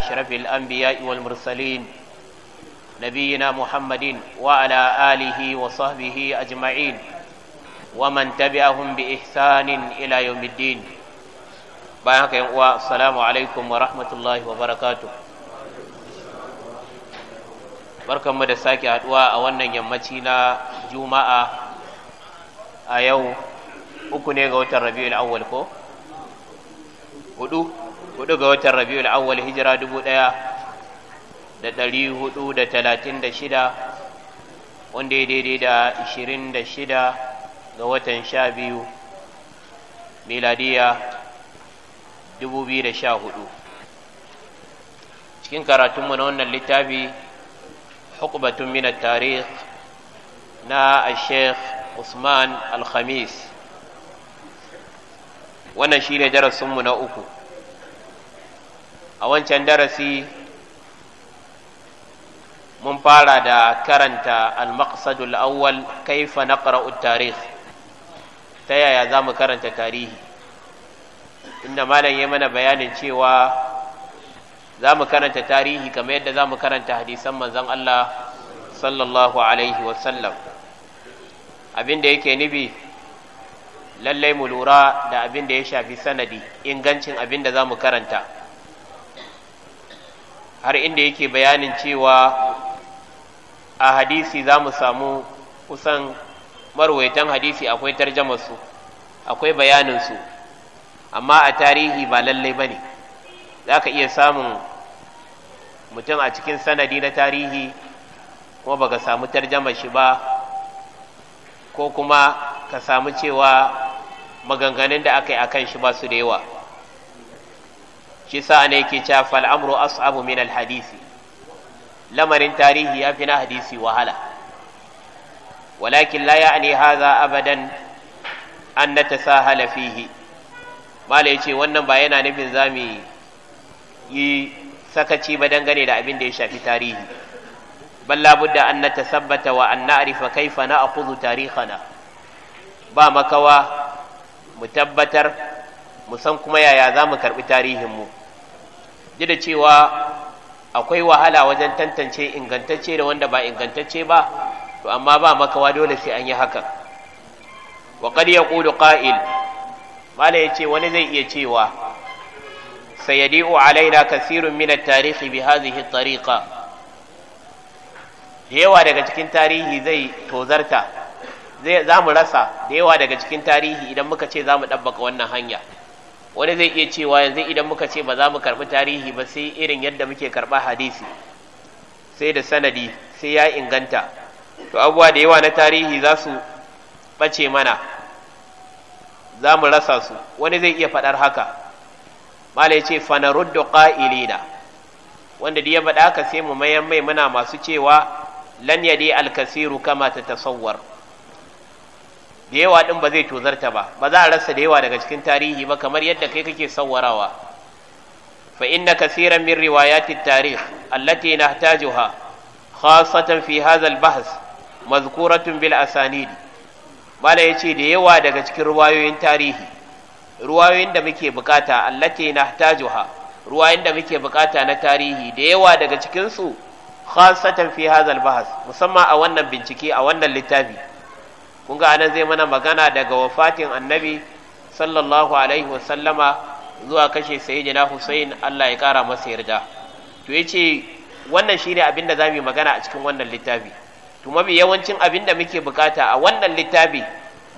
أشرف الأنبياء والمرسلين نبينا محمد وعلى آله وصحبه أجمعين ومن تبعهم بإحسان إلى يوم الدين بارك السلام عليكم ورحمة الله وبركاته barkan mu da sake haduwa a wannan yammaci na juma'a a yau uku ne ga watan rabi'ul awwal ko hudu hudu ga watan rabiul awwal hijira dubu daya da dari hudu da talatin da shida wanda ya daidai da ishirin da shida ga watan sha biyu miladiya dubu biyu da sha hudu cikin karatunmu na wannan littafi hukubatun minar tarih na a sheikh usman al-khamis wannan shine darasinmu na uku a wancan darasi mun fara da karanta al-maqsadul awwal kaifa naqra'u tarikh ta yaya za mu karanta tarihi inda malam ya mana bayanin cewa za mu karanta tarihi kamar yadda za mu karanta hadisan manzon Allah sallallahu alaihi wasallam abinda yake nubi lallai mu lura da abin da ya shafi sanadi ingancin abin da za mu karanta har inda yake bayanin cewa a hadisi za mu samu kusan marwaitan hadisi akwai su, akwai bayanin su, amma a tarihi ba lallai ba ne za ka iya samun mutum a cikin sanadi na tarihi kuma baka samu tarjamar shi ba ko kuma ka samu cewa maganganun da aka yi kan shi ba su da yawa shi sa ne yake cewa fal amru min al hadisi lamarin tarihi ya fi na hadisi wahala walakin la ya'ni haza abadan an natasahala fihi ya yace wannan ba yana nufin zamu yi sakaci ba dangane da abin da ya shafi tarihi balla labudda an sabbata wa an na'rifa kaifa na'khudhu tarikhana ba makawa mu tabbatar mu san kuma yaya za mu karɓi tarihinmu ji da cewa akwai wahala wajen tantance ingantacce da wanda ba ingantacce ba to amma ba makawa dole sai an yi hakan wa qad yaqulu qa'il mala yace wani zai iya cewa sayadi'u alaina kathirun min at-tarihi bi hadhihi at-tariqa yawa daga cikin tarihi zai tozarta zai za mu rasa da yawa daga cikin tarihi idan muka ce za mu ɗabbaka wannan hanya wani zai iya cewa yanzu idan muka ce ba za mu karɓi tarihi ba sai irin yadda muke karɓa hadisi sai da sanadi sai ya inganta to abubuwa da yawa na tarihi za su ɓace mana za mu rasa su wani zai iya faɗar haka mala ya ce fanaruddu ƙa'ilina wanda da ya faɗa haka sai mu mayan mai muna masu cewa lan alkasiru kama ta tasawwar da yawa din ba zai tozarta ba ba za a rasa da yawa daga cikin tarihi ba kamar yadda kai kake sawwarawa fa inna kaseeran min riwayati at-tarikh allati nahtajuha khasatan fi hadha al-bahth mazkuratun bil asanid mala yace da yawa daga cikin ruwayoyin tarihi ruwayoyin da muke bukata allati nahtajuha ruwayoyin da muke bukata na tarihi da yawa daga cikin su khasatan fi hadha al-bahth musamman a wannan bincike a wannan littafi kun ga anan zai mana magana daga wafatin annabi sallallahu alaihi wasallama zuwa kashe na Hussein Allah ya kara masa yarda to yace wannan shine abin da zamu magana a cikin wannan littafi to mabi yawancin abin da muke bukata a wannan littafi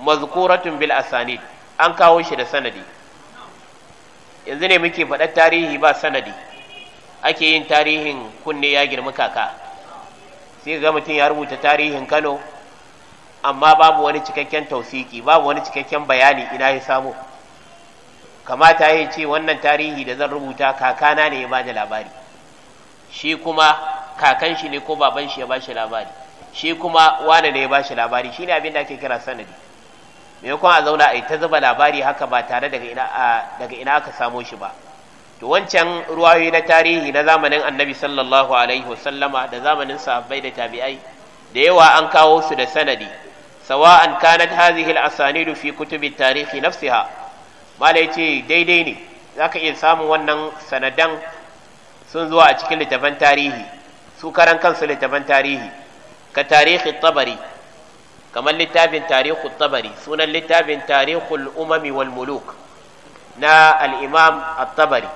mazkuratun bil asanid an kawo shi da sanadi yanzu ne muke faɗa tarihi ba sanadi ake yin tarihin kunne ya girmi kaka sai ga mutum ya rubuta tarihin Kano amma babu wani cikakken tausiki babu wani cikakken bayani ina ya samu kamata ya ce wannan tarihi da zan rubuta kakana ne ya ba da labari shi kuma kakan shi ne ko baban shi ya ba shi labari shi kuma wane ne ya ba shi labari shi ne abin da ake kira sanadi maimakon a zauna a yi ta zuba labari haka ba tare daga ina aka samo shi ba to wancan ruwayoyi na tarihi na zamanin annabi sallallahu alaihi wasallama da zamanin sahabbai da tabi'ai da yawa an kawo su da sanadi sawa'an kanat hadhihi al-asanidu fi kutubi tarihi nafsiha malai ce daidai ne zaka iya samun wannan sanadan sun zuwa a cikin littafan tarihi su karan kansu littafan tarihi ka tarihi tabari kamar littafin tarihu tabari sunan littafin tarihul umami wal muluk na al-imam at-tabari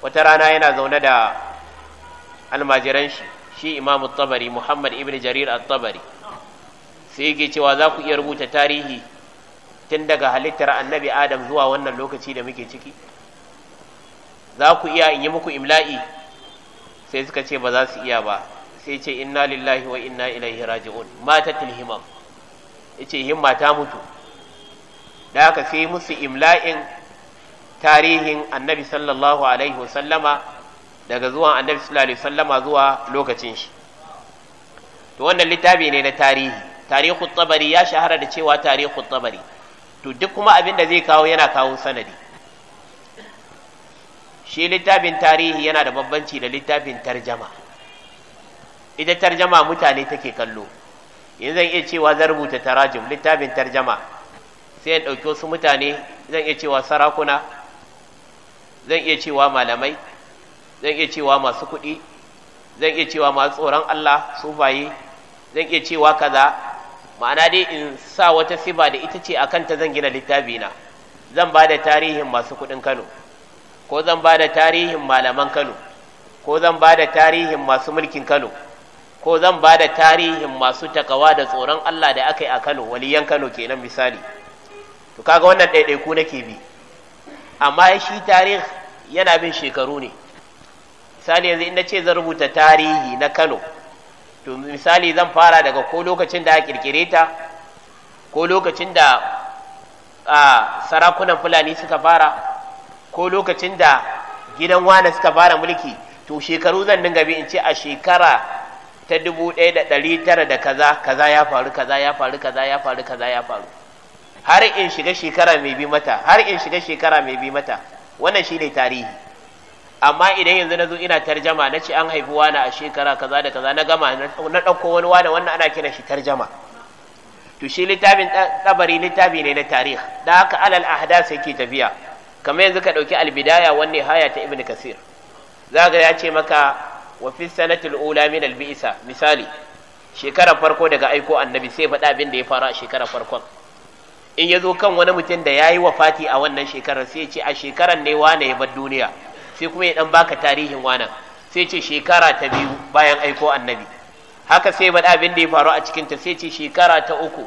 wata rana yana zaune da almajiran shi shi imam at-tabari muhammad ibn jarir at-tabari sai yake cewa za ku iya rubuta tarihi tun daga halittar annabi adam zuwa wannan lokaci da muke ciki za ku iya in yi muku imla'i sai suka ce ba za su iya ba sai ce inna lillahi wa inna ilaihi raji'un mata tilhimam yace himma ta mutu da haka sai musu imla'in tarihin annabi sallallahu alaihi wasallama daga zuwan annabi sallallahu alaihi wasallama zuwa lokacin shi to wannan littafi ne na tarihi tarihu tsabari ya shahara da cewa tarihu tsabari to duk kuma abin da zai kawo yana kawo sanadi shi littafin tarihi yana da bambanci da littafin tarjama ita tarjama mutane take kallo in zan iya cewa zan rubuta tarajim littafin tarjama sai in ɗauki wasu mutane zan iya cewa sarakuna zan iya cewa malamai zan iya cewa masu kuɗi zan iya cewa masu tsoron Allah sufaye zan iya cewa kaza ma'ana dai in sa wata siba da ita ce akan ta zan gina littafi na zan ba da tarihin masu kuɗin Kano ko zan ba da tarihin malaman Kano ko zan ba da tarihin masu mulkin Kano ko zan ba da tarihin masu takawa da tsoron Allah da aka yi a Kano waliyan Kano kenan misali to kaga wannan ɗaiɗaiku nake bi amma shi tarih yana bin shekaru ne misali yanzu in na ce zan rubuta tarihi na Kano to misali zan fara daga ko lokacin da aka kirkire ta ko lokacin da a sarakunan fulani suka fara ko lokacin da gidan wane suka fara mulki to shekaru zan dinga bi in ce a shekara ta dubu ɗaya da ɗari tara da kaza kaza ya faru kaza ya faru kaza ya faru kaza ya faru har in shiga shekara mai bi mata har in shiga shekara mai bi mata wannan shine tarihi amma idan yanzu na zo ina tarjama na ce an haifi wani a shekara kaza da kaza na gama na ɗauko wani wani wannan ana kiran shi tarjama to shi littafin tsabari littafi ne na tarih da haka alal ahdas yake tafiya kamar yanzu ka ɗauki albidaya wanne haya ta ibn kasir za ya ce maka wa fi sanatul ula min albisa misali shekarar farko daga aiko annabi sai faɗa abin da ya fara a shekarar farkon in ya zo kan wani mutum da ya yi wafati a wannan shekarar sai ya ce a shekarar ne wane ya bar duniya sai kuma ya dan baka tarihin wannan sai ce shekara ta biyu bayan aiko annabi haka sai bada abin da ya faru a cikin ta sai ce shekara ta uku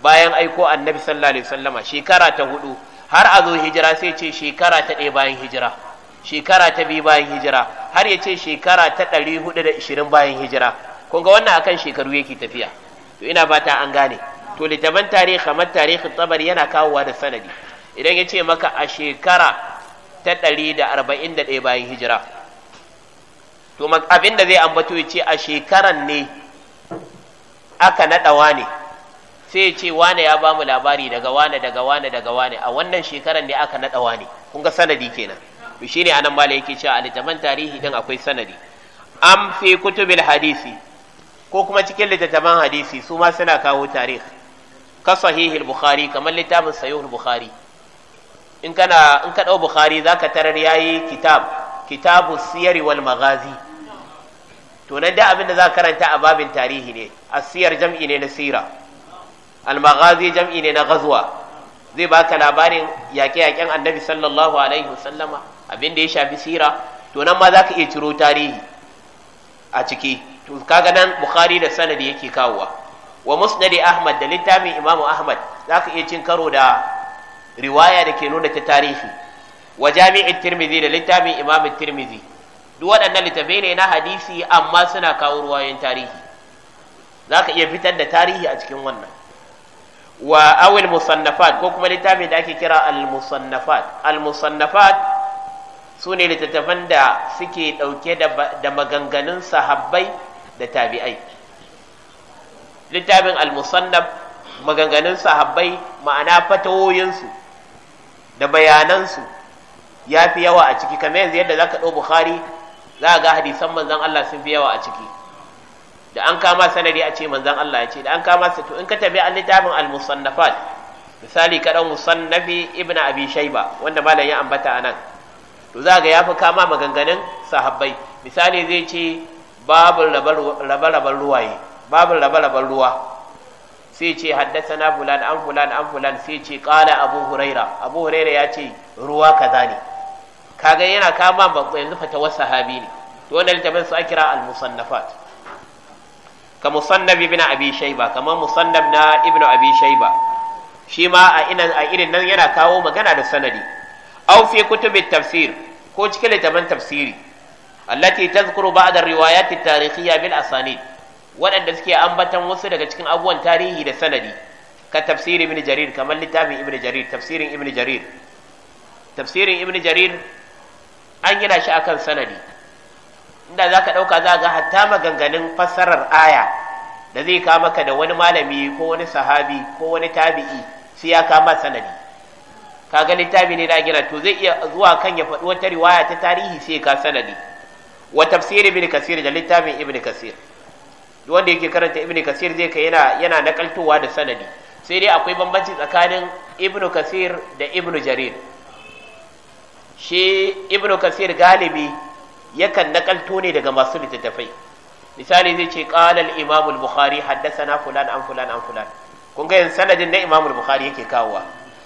bayan aiko annabi sallallahu alaihi wasallama shekara ta hudu har a zo hijira sai ce shekara ta ɗaya bayan hijira shekara ta biyu bayan hijira har ya ce shekara ta ɗari hudu da ishirin bayan hijira kun ga wannan akan shekaru yake tafiya to ina fata an gane to littafin tarihi kamar tarihin tsabar yana kawowa da sanadi idan ya ce maka a shekara ta ɗari da arba'in da ɗaya bayan hijira to abin da zai ambato ya ce a shekaran ne aka naɗa wane sai ya ce wane ya bamu labari daga wane daga wane daga wane a wannan shekaran ne aka naɗa wane kun ga sanadi kenan to ne anan mala yake cewa a littafan tarihi din akwai sanadi am fi kutubil hadisi ko kuma cikin littattafan hadisi su ma suna kawo tarihi ka sahihil bukhari kamar littafin sahihul bukhari in kana in ka dau bukhari zaka tarar yayi kitab kitabu siyari wal magazi to nan da abin da za karanta a babin tarihi ne asiyar jam'i ne na sira al magazi jam'i ne na ghazwa zai baka labarin yaƙe-yaƙen annabi sallallahu alaihi wasallama abin da ya shafi sira to nan ma zaka iya ciro tarihi a ciki to kaga nan bukhari da sanadi yake kawowa wa musnadi ahmad da littafin imamu ahmad zaka iya cin karo da riwaya da ke nuna ta tarihi wa jami'in Tirmizi da littafin Imamin Tirmizi, duk waɗannan littafai ne na hadisi amma suna kawo ruwayoyin tarihi za ka iya fitar da tarihi a cikin wannan wa awil musannafat ko kuma littafin da ake kira al musannafat al musannafat su ne littattafan da suke ɗauke da maganganun sahabbai da tabi'ai littafin al musannaf maganganun sahabbai ma'ana fatawoyinsu da bayanan su ya fi yawa a ciki kamar yanzu yadda za ka ɗau bukhari za ga hadisan manzan Allah sun fi yawa a ciki da an kama sanadi a ce manzan Allah ya ce da an kama su to in ka tabi an littafin al-musannafat misali ka ɗan musannafi ibn abi shaiba wanda malam ya ambata anan to za ga ya fi kama maganganun sahabbai misali zai ce babu rabar ruwaye babu rabar ruwa sai ce haddasana fulan an fulan an fulan sai ce kala abu huraira abu huraira ya ce ruwa kaza ne kaga yana kama ba yanzu wasu sahabi ne to wannan littafin su akira al musannafat ka musannab ibn abi shayba kamar musannab na ibn abi shayba shi ma a inan a irin nan yana kawo magana da sanadi aw fi kutubit tafsir ko cikin littafin tafsiri allati tazkuru ba'da riwayat at-tarikhiyya bil asanid waɗanda suke ambatan wasu daga cikin abubuwan tarihi da sanadi ka tafsirin ibn jarir kamar littafin ibn jarir tafsirin ibn jarir tafsirin ibn jarir an gina shi akan sanadi inda za ka ɗauka za ga hatta maganganun fassarar aya da zai kama ka da wani malami ko wani sahabi ko wani tabi'i sai ya kama sanadi Ka ga littafi ne da gina to zai iya zuwa kan ya faɗi wata riwaya ta tarihi sai ka sanadi wa tafsirin ibn kasir da littafin ibn kasir duk wanda yake karanta ibnu kasir zai kai yana yana nakaltowa da sanadi sai dai akwai bambanci tsakanin ibnu kasir da ibnu jarir shi ibnu kasir galibi yakan nakalto ne daga masu littattafai misali zai ce qala al-imam al-bukhari haddathana fulan an fulan an fulan kun ga yanzu sanadin na imam al-bukhari yake kawowa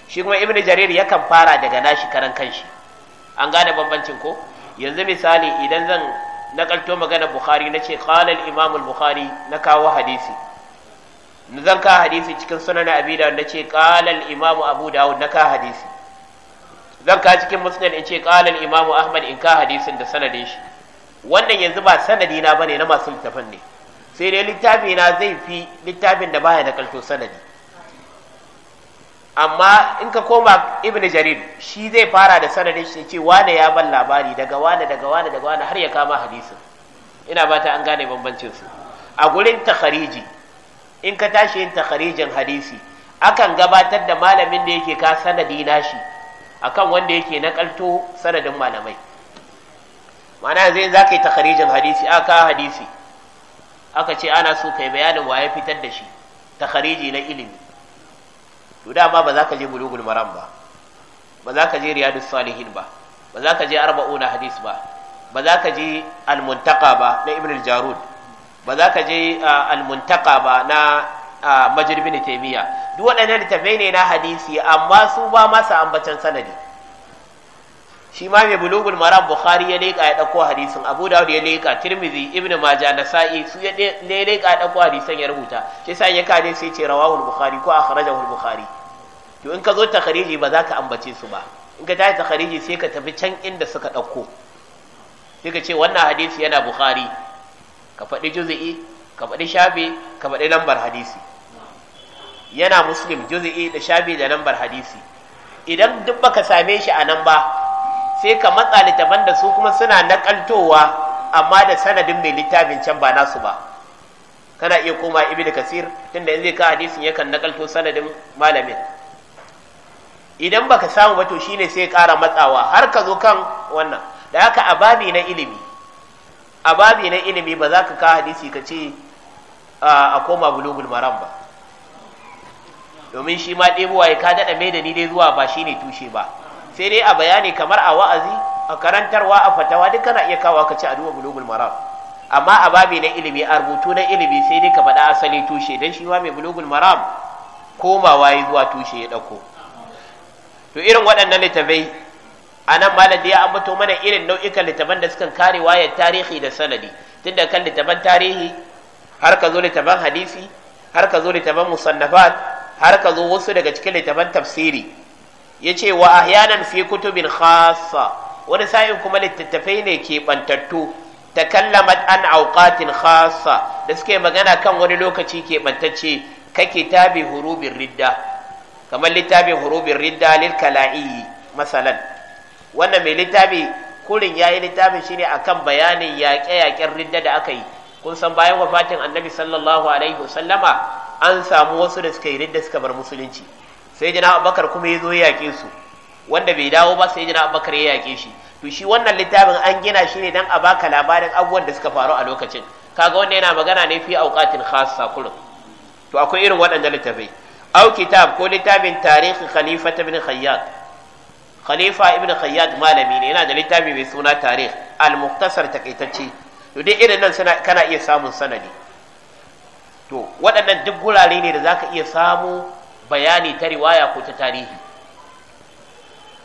shi kuma ibnu jarir yakan fara daga nashi karan kanshi an gane bambancin ko yanzu misali idan zan na kalto magana bukhari na ce qalal imamul bukhari na kawo hadisi na zan ka hadisi cikin sunan abi da na ce qalal imamu abu na ka hadisi zan ka cikin musnad in ce qalal imamu ahmad in ka hadisin da sanadin shi wannan yanzu ba sanadi na bane na masu littafin ne sai dai littafi na zai fi littafin da baya da kalto sanadi amma in ka koma Ibn jarir shi zai fara da sanadin shi ce wane ya ban labari daga wane daga wane daga wane har ya kama hadisin ina ba ta an gane bambancin su a gurin takhariji in ka tashi yin takharijin hadisi akan gabatar da malamin da yake ka sanadi nashi akan wanda yake nakalto sanadin malamai Mana yanzu in za yi takharijin hadisi aka hadisi aka ce ana so kai bayanin wa ya fitar da shi takhariji na ilimi to dama ba za ka je bulugul maram ba ba za ka je riyadus salihin ba ba za ka je arba'una hadis ba ba za ka je almuntaka ba na ibn al-jarud ba za ka je almuntaka ba na majid taimiyya. taymiya duk waɗannan littafai ne na hadisi amma su ba masa ambacin sanadi shi ma mai bulugul maram bukhari ya leƙa ya ɗauko hadisin abu dawud ya leƙa tirmizi ibn majah nasa'i su ya leƙa ya ɗauko hadisan ya rubuta shi sa ya kaje sai ce rawahul bukhari ko akhrajahu bukhari to in ka zo takhariji ba za ka ambace su ba in ka tashi takhariji sai ka tafi can inda suka ɗauko sai ka ce wannan hadisi yana bukhari ka faɗi juzi'i ka faɗi shafi ka faɗi lambar hadisi yana muslim juzu'i da shafi da lambar hadisi idan duk baka same shi a nan ba sai ka matsa littafan da su kuma suna nakaltowa amma da sanadin mai littafin can ba nasu ba kana iya koma ibnu kasir tunda in zai ka hadisin yakan nakalto sanadin malamin idan baka samu ba to shine sai ƙara matsawa har ka zo kan wannan da haka a na ilimi a na ilimi ba za ka ka hadisi ka ce a koma bulugul maram ba domin shi ma ɗebowa ya ka daɗa mai da ni dai zuwa ba shine tushe ba sai dai a bayani kamar a wa'azi a karantarwa a fatawa duk kana iya kawo ka ci a duba bulugul maram amma a babi na ilimi a rubutu na ilimi sai dai ka faɗa asali tushe Don shi ma mai bulugul maram ma wayi zuwa tushe ya ɗauko to irin waɗannan littafai a nan malam da ya ambato mana irin nau'ikan littafan da sukan kare wayar tarihi da sanadi tunda kan littafan tarihi har ka zo littafan hadisi har ka zo littafan musannafat har ka zo wasu daga cikin littafan tafsiri Ya ce wa ahyanan fi kutubin khassa wani sa'in kuma littattafai ne ke bantattu takallamat an auqatin khassa da suke magana kan wani lokaci ke bantacce kake tabi hurubin ridda kamar littafin hurubin ridda lil kala'i masalan wannan mai littabi kurin yayi littafin shine akan bayanin yaƙe-yaƙen ridda da aka yi kun san bayan wafatin annabi sallallahu alaihi wasallama an samu wasu da suka yi ridda suka bar musulunci sai jina abubakar kuma ya zo ya yaƙe su wanda bai dawo ba sai jina abubakar ya yaƙe shi to shi wannan littafin an gina shi ne don a baka labarin abubuwan da suka faru a lokacin kaga wanda yana magana ne fi auqatin khassa kullum to akwai irin waɗanda littafai au kitab ko littafin tarihi khalifa ibn khayyat khalifa ibn Khayyad malami ne yana da littafi mai suna tarih al-muhtasar takaitacce to duk irin nan suna kana iya samun sanadi to waɗannan duk gurare ne da zaka iya samu bayani ta riwaya ko ta tarihi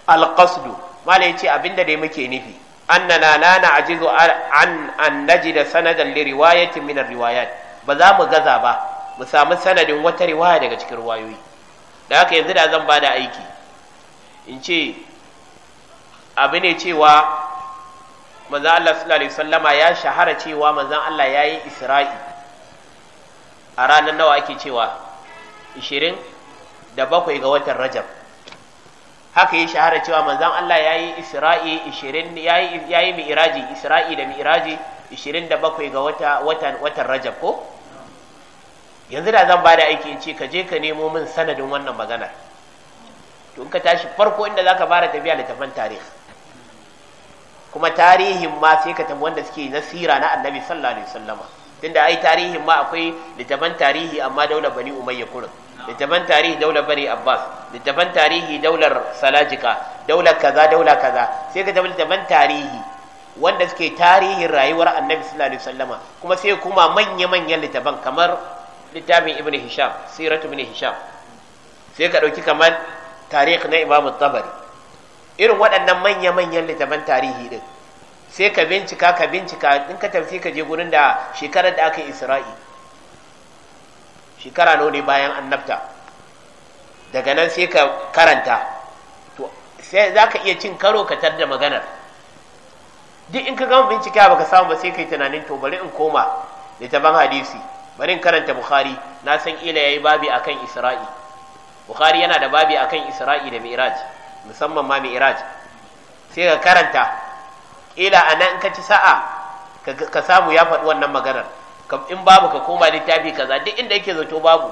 alqasdu mala yace abinda dai muke nufi annana la na'jizu an an najida sanadan li riwayatin min riwayat ba za mu gaza ba mu samu sanadin wata riwaya daga cikin riwayoyi da haka yanzu da zan da aiki in ce abu ne cewa manzan Allah sallallahu alaihi sallama ya shahara cewa manzan Allah ya yi isra'i a ranar nawa ake cewa 20 da bakwai ga watan rajab haka yi shahara cewa manzan Allah ya yi isra'i ya yi mi'iraji isra'i da mi'iraji 27 da bakwai ga watan watan rajab ko yanzu da zan bada aiki in ce ka je ka nemo min sanadin wannan maganar to in ka tashi farko inda zaka fara tafiya littafan tarihi kuma tarihin ma sai ka tafi wanda suke na sira na annabi sallallahu alaihi wasallama tunda ai tarihin ma akwai littafan tarihi amma daular bani umayya kurin littafan tarihi daular bari abbas littafan tarihi daular salajika daular kaza daular kaza sai ka tabbata littafan tarihi wanda suke tarihin rayuwar annabi sallallahu alaihi wasallama kuma sai kuma manya-manyan littafan kamar littafin ibn hisham siratu ibn hisham sai ka ɗauki kamar tarihi na imam tabari irin waɗannan manya-manyan littafan tarihi din sai ka bincika ka bincika in ka tafi ka je gurin da shekarar da aka yi isra'i shekara nawa ne bayan annabta daga nan sai ka karanta to sai za ka iya cin karo ka tar da maganar duk in ka gama bincike baka samu ba sai kai tunanin to bari in koma littafin hadisi bari in karanta bukhari na san ila yayi babi akan isra'i bukhari yana da babi akan isra'i da mi'raj musamman ma mi'raj sai ka karanta ila anan in ka ci sa'a ka samu ya faɗi wannan maganar in babu ka koma littafi kaza duk inda yake zato babu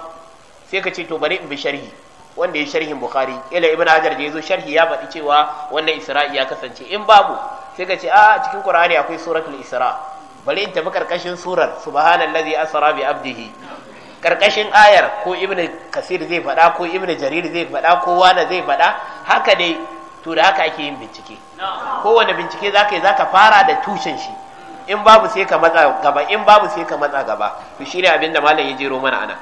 sai ka ce to bari in bi sharhi wanda ya sharhin bukhari ila ibn hajar da zo sharhi ya faɗi cewa wannan isra'i ya kasance in babu sai ka ce a cikin qur'ani akwai suratul isra bari in tafi karkashin surar subhanallazi asra bi abdihi karkashin ayar ko ibnu kasir zai faɗa ko ibnu jarir zai faɗa ko wani zai faɗa haka dai to da haka ake yin bincike kowane bincike zaka yi zaka fara da tushen shi in babu sai ka matsa gaba in babu sai ka matsa gaba to shine abin da malam ya jero mana ana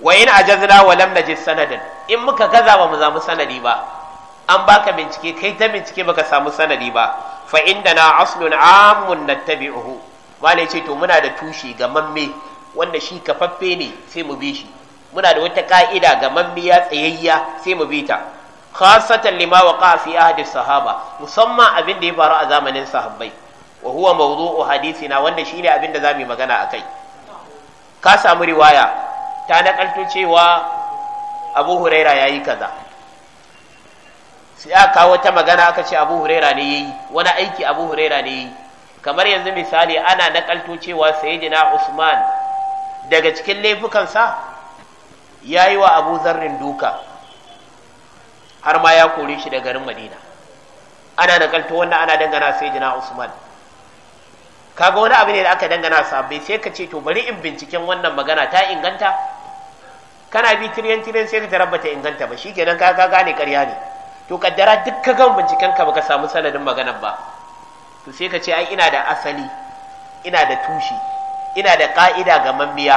wa in ajazna wa lam najid sanadan in muka gaza ba mu samu sanadi ba an baka bincike kai ta bincike baka samu sanadi ba fa indana aslun amun nattabi'uhu malam ce to muna da tushe ga mamme wanda shi kafaffe ne sai mu bi shi muna da wata ka'ida ga mammiya tsayayya sai mu bi ta khasatan lima waqa fi ahdi sahaba musamman abin da ya faru a zamanin sahabbai wa huwa mawdu'u hadisina wanda shine abin da zamu yi magana akai ka samu riwaya ta nakalto cewa Abu Huraira yayi kaza sai aka kawo magana aka ce Abu Huraira ne yayi wani aiki Abu Huraira ne yayi kamar yanzu misali ana nakalto cewa Sayyidina Usman daga cikin laifukansa yayi wa Abu Zarrin duka har ma ya kore shi da garin Madina ana nakalto wannan ana dangana Sayyidina Usman kaga wani abu ne da aka dangana su, sabbai sai ka ce to bari in binciken wannan magana ta inganta kana bi tiryan tiryan sai ka tarabba ta inganta ba shikenan ka ka gane karya ne to kaddara duk ka gan binciken ka baka samu sanadin maganar ba to sai ka ce ai ina da asali ina da tushi ina da ka'ida ga mammiya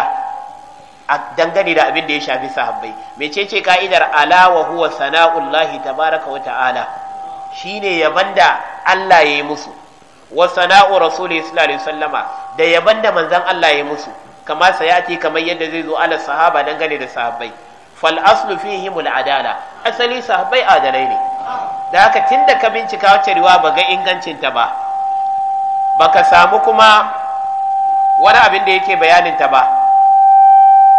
a dangane da abin da ya shafi sahabbai mecece ka'idar ala wa huwa sana'ullahi tabaraka wa ta'ala shine yaban da Allah ya yi musu wa sana'u rasuli sallallahu alaihi wasallama da yaban da manzon Allah ya musu kama sayati kamar yadda zai zo ala sahaba dangane da sahabbai fal aslu fihim al adala asali sahabbai adalai ne da haka tunda ka bincika wacce riwa ba ingancin ta ba baka samu kuma wani abin da yake bayanin ta ba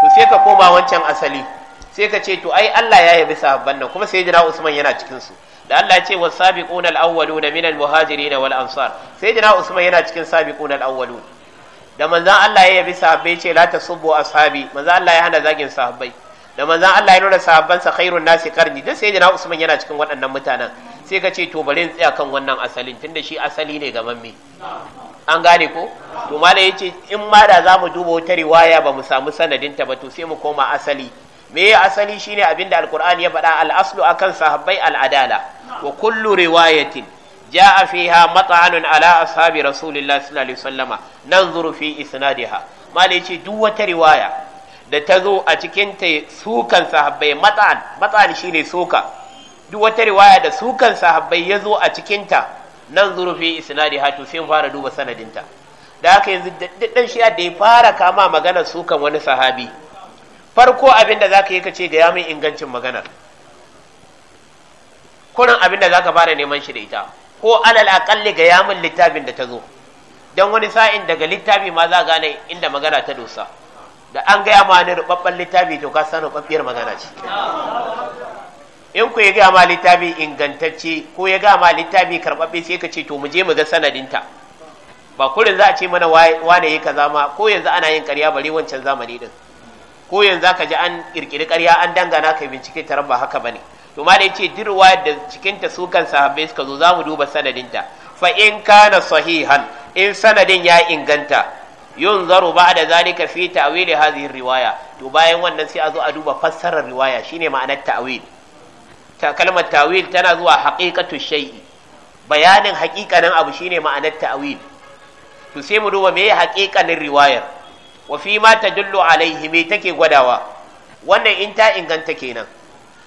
to sai ka koma wancan asali sai ka ce to ai Allah ya yabi sahabban nan kuma sai sayyidina Usman yana cikin su da Allah ce was sabiqun al awwalun min muhajiri muhajirin wal ansar sai jina usman yana cikin sabiqun al da manzan Allah ya yabi sahabbai ce la tasubbu ashabi manzon Allah ya hana zagin sahabbai da manzan Allah ya nuna sahabban sa khairun nasi karni da sai jina usman yana cikin waɗannan mutanen sai ka ce to bari in tsaya kan wannan asalin tunda shi asali ne ga mamme an gane ko to malai yace in ma da zamu duba wata riwaya ba mu samu sanadinta ba to sai mu koma asali me asali shine abinda alqur'ani ya faɗa al aslu akan sahabbai al adala wa kullu riwayatin ja'a fiha mat'anun ala ashabi rasulillahi sallallahu alaihi wasallama nanzuru fi isnadiha malai ce duk wata riwaya da ta zo a cikin ta sukan sahabbai mat'an mat'an shine suka duk wata riwaya da sukan sahabbai ya zo a cikin ta nanzuru fi isnadiha to sai fara duba sanadinta da haka yanzu dan shi da ya fara kama magana sukan wani sahabi farko abin da zaka yi kace ga ya min ingancin maganar kurin abin da za ka fara neman shi da ita ko alal aƙalli ga yamin littafin da ta zo don wani sa'in daga littafi ma za gane inda magana ta dosa da an gaya ma ni rubabban littafi to ka san rubabbiyar magana ce in ku ya gaya ma littafi ingantacce ko ya gaya ma littafi karɓaɓɓe sai ka ce to mu je mu ga sanadinta ba kurin za a ce mana wane yi kaza ma ko yanzu ana yin ƙarya bare wancan zamani din ko yanzu ka ji an ƙirƙiri ƙarya an dangana ka bincike tarar ba haka bane ne to ma dai ce dirwa da cikin ta su kan sahabbai suka zo zamu duba sanadinta fa in kana sahihan in sanadin ya inganta yunzaru da zalika fi ta'wili hadhihi riwaya to bayan wannan sai a zo a duba fassarar riwaya shine ma'anar ta'wil ta kalmar ta'wil tana zuwa haqiqatu shay'i bayanin haqiqanin abu shine ma'anar ta'wil to sai mu duba meye haqiqanin riwayar wa fi ma tadullu alaihi me take gwadawa wannan in ta inganta kenan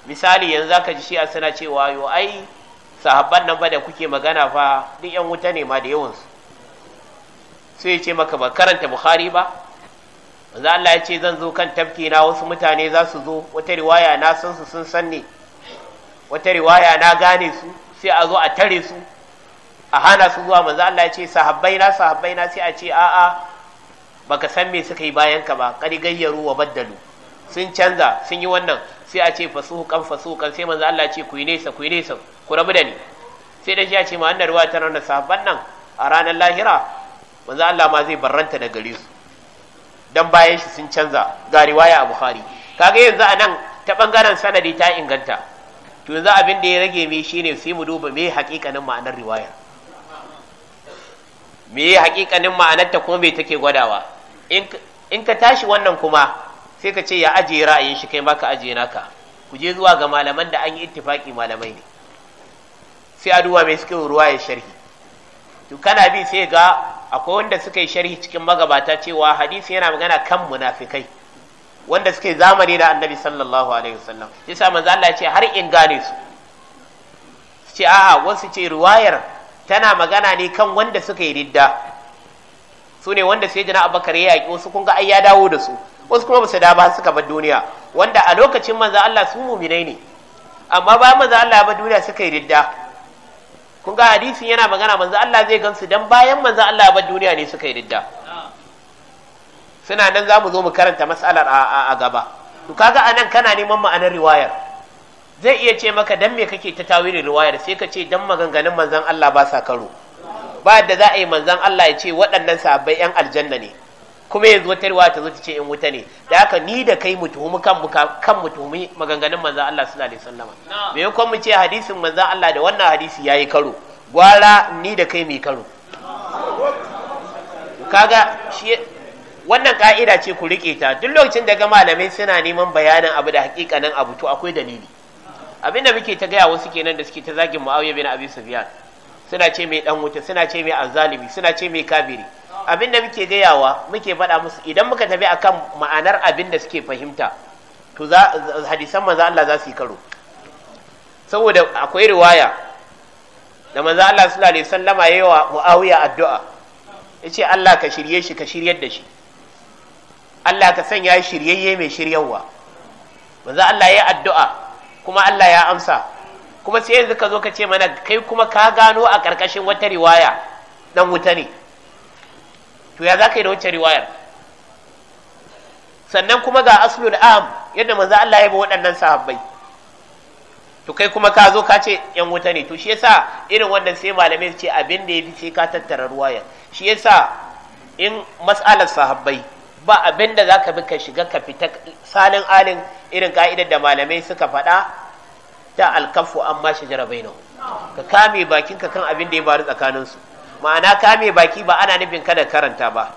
misali yanzu za ka ji shi'a suna cewa yo ai sahabban nan ba da kuke magana fa duk yan wuta ne ma da yawansu Su ya ce maka ba karanta bukhari ba manzo Allah ya ce zan zo kan tafki na wasu mutane za su zo wata riwaya na san su sun san ne wata riwaya na gane su sai a zo a tare su a hana su zuwa manzo Allah ya ce sahabbai na sahabbai na sai a ce a'a baka san me suka yi bayan ka ba kadi gayyaru wa baddalu sun canza sun yi wannan sai a ce fasuhukan fasuhukan sai manzo Allah ce ku yi nesa ku yi nesa ku rabu da ni sai da shi ya ce ma annar ruwa tana da sahabban nan a ranar lahira manzo Allah ma zai barranta da gare su dan bayan shi sun canza ga riwaya a Bukhari kaga yanzu a nan ta bangaren sanadi ta inganta to yanzu abin da ya rage mai shine sai mu duba me hakikanin ma'anar riwaya me hakikanin ma'anar ta kuma me take gwadawa in ka tashi wannan kuma sai ka ce ya ajiye ra'ayin shi kai maka ka ajiye naka ku je zuwa ga malaman da an yi ittifaki malamai ne sai aduwa mai suke ruwa ya sharhi to kana bi sai ga akwai wanda suka yi sharhi cikin magabata cewa hadisi yana magana kan munafikai wanda suke zamani da annabi sallallahu alaihi wasallam yasa manzo Allah ya ce har in gane su ce a'a wasu ce ruwayar tana magana ne kan wanda suka yi ridda su ne wanda sai jana abakar ya yaƙi wasu kun ga ai ya dawo da su wasu kuma basu da ba suka bar duniya wanda a lokacin manzo Allah su mu'minai ne amma bayan manzo Allah ya bar duniya suka yi ridda kun ga hadisin yana magana manzo Allah zai gamsu dan bayan manzo Allah ya bar duniya ne suka yi ridda suna nan za mu zo mu karanta mas'alar a gaba to kaga anan kana neman ma'anar riwayar zai iya ce maka dan me kake ta tawirin riwayar sai ka ce dan maganganun manzan Allah ba sa karo ba da za a yi manzan Allah ya ce waɗannan sahabbai yan aljanna ne kuma yanzu wata riwaya ta zo ta ce in wuta ne da haka ni da kai mu tuhumi kan mu kan mu tuhumi maganganun manzon Allah sallallahu alaihi wasallam me kon mu ce hadisin manzon Allah da wannan hadisi yayi karo gwara ni da kai mai karo kaga shi wannan ka'ida ce ku rike ta duk lokacin da ga malamai suna neman bayanin abu da hakikanin abu to akwai dalili abinda muke ta gaya wasu kenan da suke ta zagin Muawiya bin Abi Sufyan suna ce mai dan wuta suna ce mai azzalimi suna ce mai kabiri. abin da muke gayawa muke faɗa musu idan muka tafi akan ma'anar abin da suke fahimta to za hadisan manzo Allah za su yi karo saboda akwai riwaya da manzo Allah sallallahu alaihi wasallama yayi wa Muawiya addu'a yace Allah ka shirye shi ka shiryar da shi Allah ka sanya shiryayye mai shiryawa manzo Allah yayi addu'a kuma Allah ya amsa kuma sai yanzu ka zo ka ce mana kai kuma ka gano a ƙarƙashin wata riwaya dan wuta ne to ya za yi da wacce riwayar sannan kuma ga aslul am yadda manzo Allah ya ba waɗannan sahabbai to kai kuma ka zo ka ce yan wuta ne to shi yasa irin wannan sai malamai su ce abin da yafi sai ka tattara ruwaya shi yasa in mas'alar sahabbai ba abin da za ka bi ka shiga ka fita salin alin irin ka'idar da malamai suka faɗa ta alkafu amma shajara bainahu ka kame bakinka kan abin da ya faru tsakanin su ma'ana kame baki ba ana nufin kada karanta ba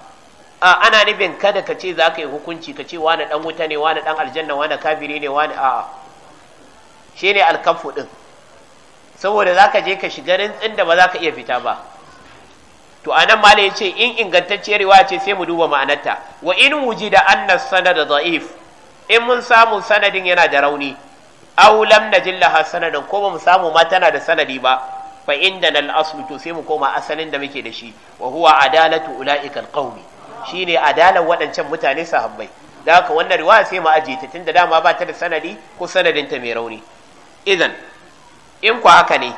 a ana nufin kada ka ce za ka yi hukunci ka ce wani dan wuta ne wani dan aljanna wani kafiri ne wani a'a shi ne alkafu din saboda za ka je ka shiga rintsin da ba za ka iya fita ba to anan mala ya ce in ingantacciyar riwaya ce sai mu duba ma'anarta wa in wujida anna sanada da'if in mun samu sanadin yana da rauni aw lam najil laha sanadan ko ba mu samu ma tana da sanadi ba fa indana al-asl to sai mu koma asalin da muke da shi wa huwa adalatu ulaika al-qaumi shine adalar waɗancan mutane sahabbai da haka wannan riwaya sai mu aje ta tunda dama ba ta da sanadi ko sanadin ta mai rauni idan in ku haka ne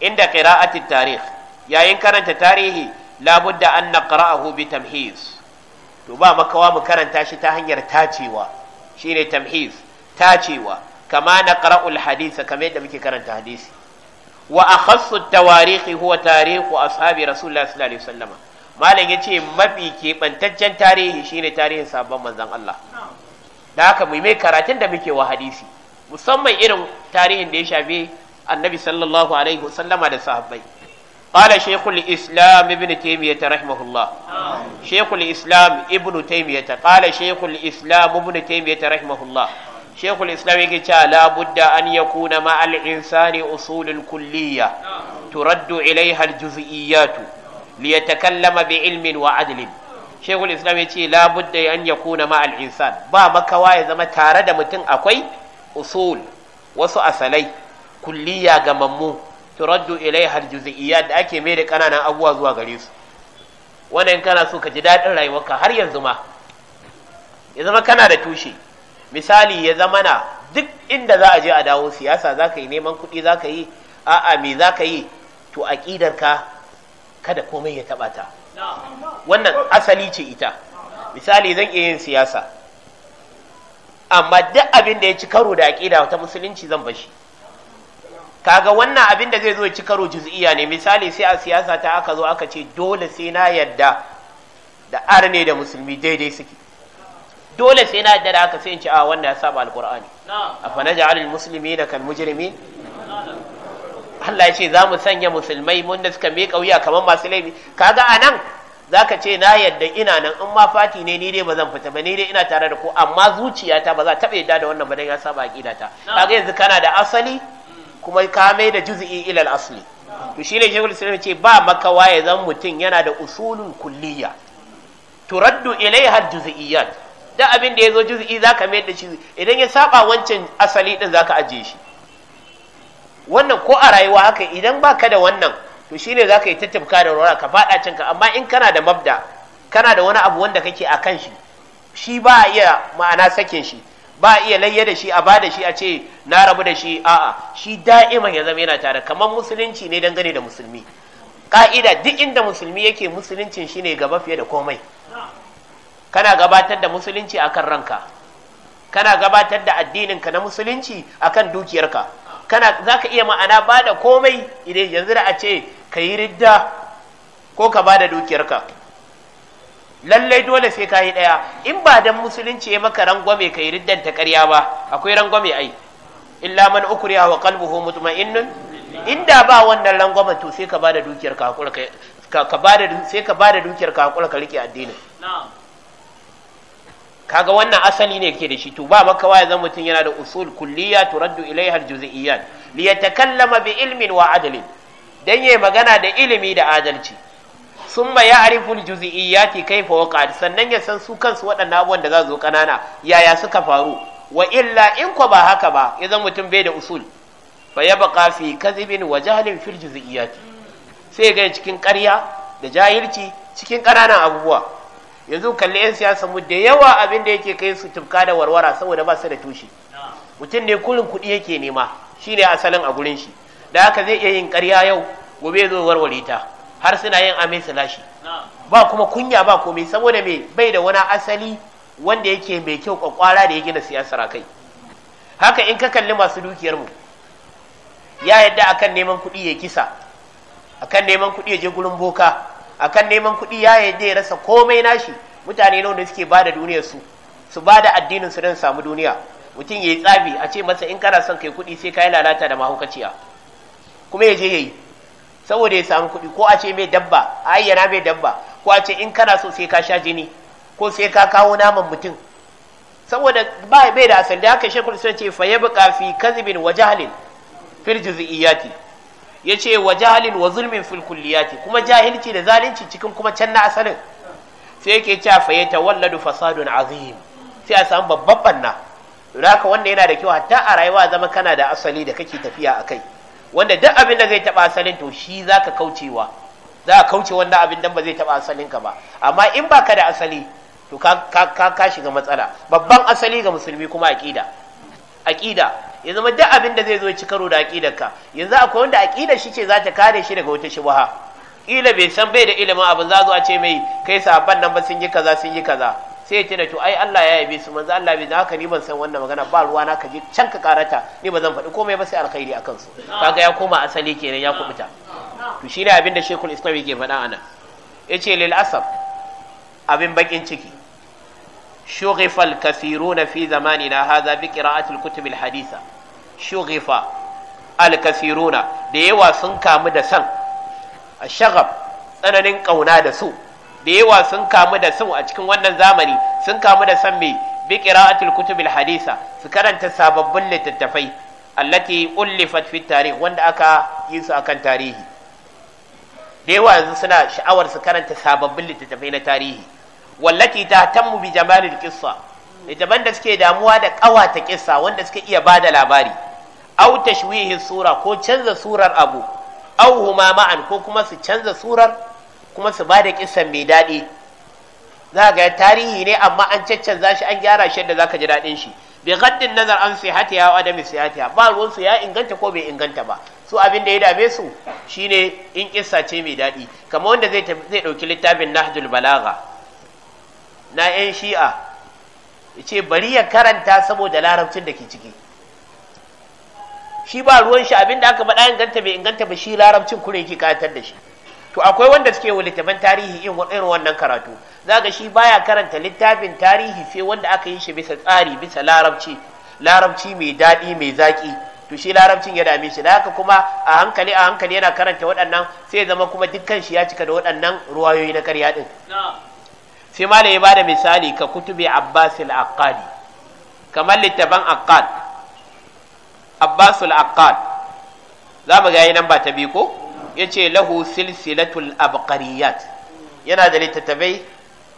inda qira'atit tarikh yayin karanta tarihi labudda an naqra'ahu bi tamhiz to ba makawa mu karanta shi ta hanyar tacewa shine tamhiz tacewa kama na qara'ul hadisa kamar yadda muke karanta hadisi wa akhassu tawarihi huwa tarihu ashabi rasulullah sallallahu alaihi wasallam malam yace mafi kebantaccen tarihi shine tarihin sabon manzon Allah da haka mu mai karatun da muke wa hadisi musamman irin tarihin da ya shafi annabi sallallahu alaihi wasallama da sahabbai قال شيخ الإسلام ابن تيمية رحمه الله شيخ الإسلام ابن تيمية قال شيخ الإسلام ابن تيمية رحمه الله shekul islam yake cewa labudda an ya kuna ma'al insani usulul kulliya turaddu ilaiha juz'iyatu li yatakallama bi ilmin wa adlin shekul islam ya ce labudda an ya kuna ma'al insan ba makawa ya zama tare da mutum akwai usul wasu asalai kulliya ga mammu turaddu ilaiha juz'iyat da ake mai da kananan abubuwa zuwa gare su wannan kana so ka ji daɗin rayuwarka har yanzu ma ya zama kana da tushe misali ya zama na duk inda za a je a dawo siyasa za ka yi neman kuɗi za ka yi a'a me za ka yi to aƙidar ka kada komai ya taɓa ta wannan asali ce ita misali zan iya yin siyasa amma duk abin da ya ci karo da aƙida ta musulunci zan bashi kaga wannan abin da zai zo ya ci karo juz'iya ne misali sai a siyasa ta aka zo aka ce dole sai na yadda da arne da musulmi daidai suke dole sai na yadda da aka sai in ci a ah, wanda ya saba alqur'ani alil Musulmi da kan mujirmi Allah ya ce za mu sanya musulmai mun suka miƙa wuya kamar masu laifi kaga anan ka ce na yadda ina nan in ma fati ne ni dai ba zan fita ba ni dai ina tare da ku amma zuciyata ba za ta yadda da wannan ba dan ya saba ta kaga yanzu kana da asali kuma ka mai da juz'i ilal asli to shine shekul islam ce ba makawa ya zan mutum yana da usulun kulliya turaddu ilaiha juz'iyyat da abin da ya zo juzu'i za ka mayar da shi idan ya saba wancan asali ɗin, za ka ajiye shi wannan ko a rayuwa haka idan ba ka da wannan to shi ne za ka yi tattafka da rora ka faɗa cinka amma in kana da mabda kana da wani abu wanda kake a kan shi shi ba a iya ma'ana sakin shi ba a iya layya da shi a ba da shi a ce na rabu da shi a'a shi da'iman ya zama yana tare kamar musulunci ne dangane da musulmi ka'ida duk inda musulmi yake musuluncin ne gaba fiye da komai kana gabatar da musulunci akan ranka kana gabatar da addininka na musulunci akan dukiyarka kana za ka iya ma'ana ba da komai idan yanzu da a ce ka yi ridda ko ka ba da dukiyarka lallai dole sai ka yi ɗaya in ba dan musulunci ya maka rangwame ka yi riddan ta ƙarya ba akwai rangwame ai illa man ukriya wa qalbuhu mutma'innun inda ba wannan rangwame to sai ka ba da dukiyarka hakura ka ba sai ka ba da dukiyarka hakura ka rike addinin kaga wannan asali ne yake da shi to ba maka ya zan mutum yana da usul kulliya turaddu ilaiha aljuz'iyyat li yatakallama bi ilmin wa adlin dan yayi magana da ilimi da adalci summa ya'riful aljuz'iyyat kayfa waqa'at sannan ya san su kansu waɗannan abubuwan da za zo kanana yaya suka faru wa illa in ko ba haka ba ya zan mutum bai da usul fa yabqa fi kadhibin wa jahlin fil juz'iyyat sai ga cikin ƙarya da jahilci cikin ƙananan abubuwa yanzu kalli 'yan siyasa mu da yawa abin da yake kai su tufka da warwara saboda ba su da tushe mutum ne kurin kuɗi yake nema Shi ne asalin a gurin shi da haka zai iya yin karya yau gobe zo warware ta har suna yin ame lashi ba kuma kunya ba komai saboda mai bai da wani asali wanda yake mai kyau kwakwara da ya gina siyasar kai haka in ka kalli masu dukiyar mu ya yadda akan neman kuɗi ya kisa akan neman kuɗi ya je gurin boka akan neman kuɗi ya yadda ya rasa komai nashi mutane nawa da suke bada duniyar su su bada addinin su don samu duniya mutum ya yi tsabi a ce masa in kana son kai kuɗi sai ka yi lalata da mahaukaciya kuma ya je ya yi saboda ya samu kuɗi ko a ce mai dabba a ayyana mai dabba ko a ce in kana so sai ka sha jini ko sai ka kawo naman mutum saboda ba bai da asali da haka shekul sun ce fa yabqa fi kadhibin wa jahlin fil juz'iyati Ya ce wa jahalin wa zulmin filkulliya ce, kuma jahilci da zalunci cikin kuma can na asalin sai yake cewa fa yatawalladu fasadun azim sai a samu babban banna haka wanda yana da kyau hatta a rayuwa zama kana da asali da kake tafiya a kai, wanda duk abin da zai taba asalin to shi zaka kaucewa za a kauce wanda abin dan ba zai taba asalinka ba amma in baka da asali to ka ka ka shiga matsala babban asali ga musulmi kuma aqida aqida Yanzu ma duk abin da zai zo ci karo da ka yanzu akwai wanda aqidar shi ce za ta kare shi daga wata shubha kila bai san bai da ilimin abin za zo a ce mai kai sahabban nan ba sun yi kaza sun yi kaza sai ya tuna to ai Allah ya yabe su manzo Allah bai da haka ni ban san wannan magana ba ruwa na kaje can ka karata ni ba zan faɗi komai ba sai alkhairi akan su kaga ya koma asali kenan ya kubuta to shine abin da Sheikhul Islam yake faɗa anan yace lil asab abin bakin ciki شغف الكثيرون في زماننا هذا بقراءة الكتب الحديثة شغف الكثيرون da yawa sun kamu da san ashagab tsananin ƙauna da su da yawa sun kamu da san a cikin wannan zamani sun kamu da san mai bi qira'atul kutubil hadisa su karanta sababbin littattafai allati ullifat fi wanda aka yi su akan tarihi da yawa yanzu suna sha'awar su karanta sababbin littattafai na tarihi wallati ta tammu bi jamalil qissa ita banda suke damuwa da ƙawata kissa wanda suke iya bada labari au tashwihi sura ko canza surar abu au huma ma'an ko kuma su canza surar kuma su bada kissan mai daɗi za ga tarihi ne amma an caccanza shi an gyara shi da zaka ji daɗin shi bi gaddin nazar an ya wa adami ya ba ruwan su ya inganta ko bai inganta ba su abin da ya dame su shine in kissa ce mai daɗi kamar wanda zai zai dauki littafin nahjul balagha na 'yan shi'a ce bari ya karanta saboda larabcin da ke ciki shi ba ruwan shi abinda aka faɗa inganta bai inganta ba shi larabcin kure yake katar da shi to akwai wanda suke wa littafin tarihi in irin wannan karatu za ga shi baya karanta littafin tarihi sai wanda aka yi shi bisa tsari bisa larabci larabci mai daɗi mai zaƙi to shi larabcin ya dame shi da haka kuma a hankali a hankali yana karanta waɗannan sai zama kuma dukkan shi ya cika da waɗannan ruwayoyi na ƙarya ɗin sai ma da ya bada misali ka kutubi abbasul aqad kamar littafan Aqqad abbasul aqad za mu ga nan ba ta biyu ko yace lahu silsilatul abqariyat yana da littattafai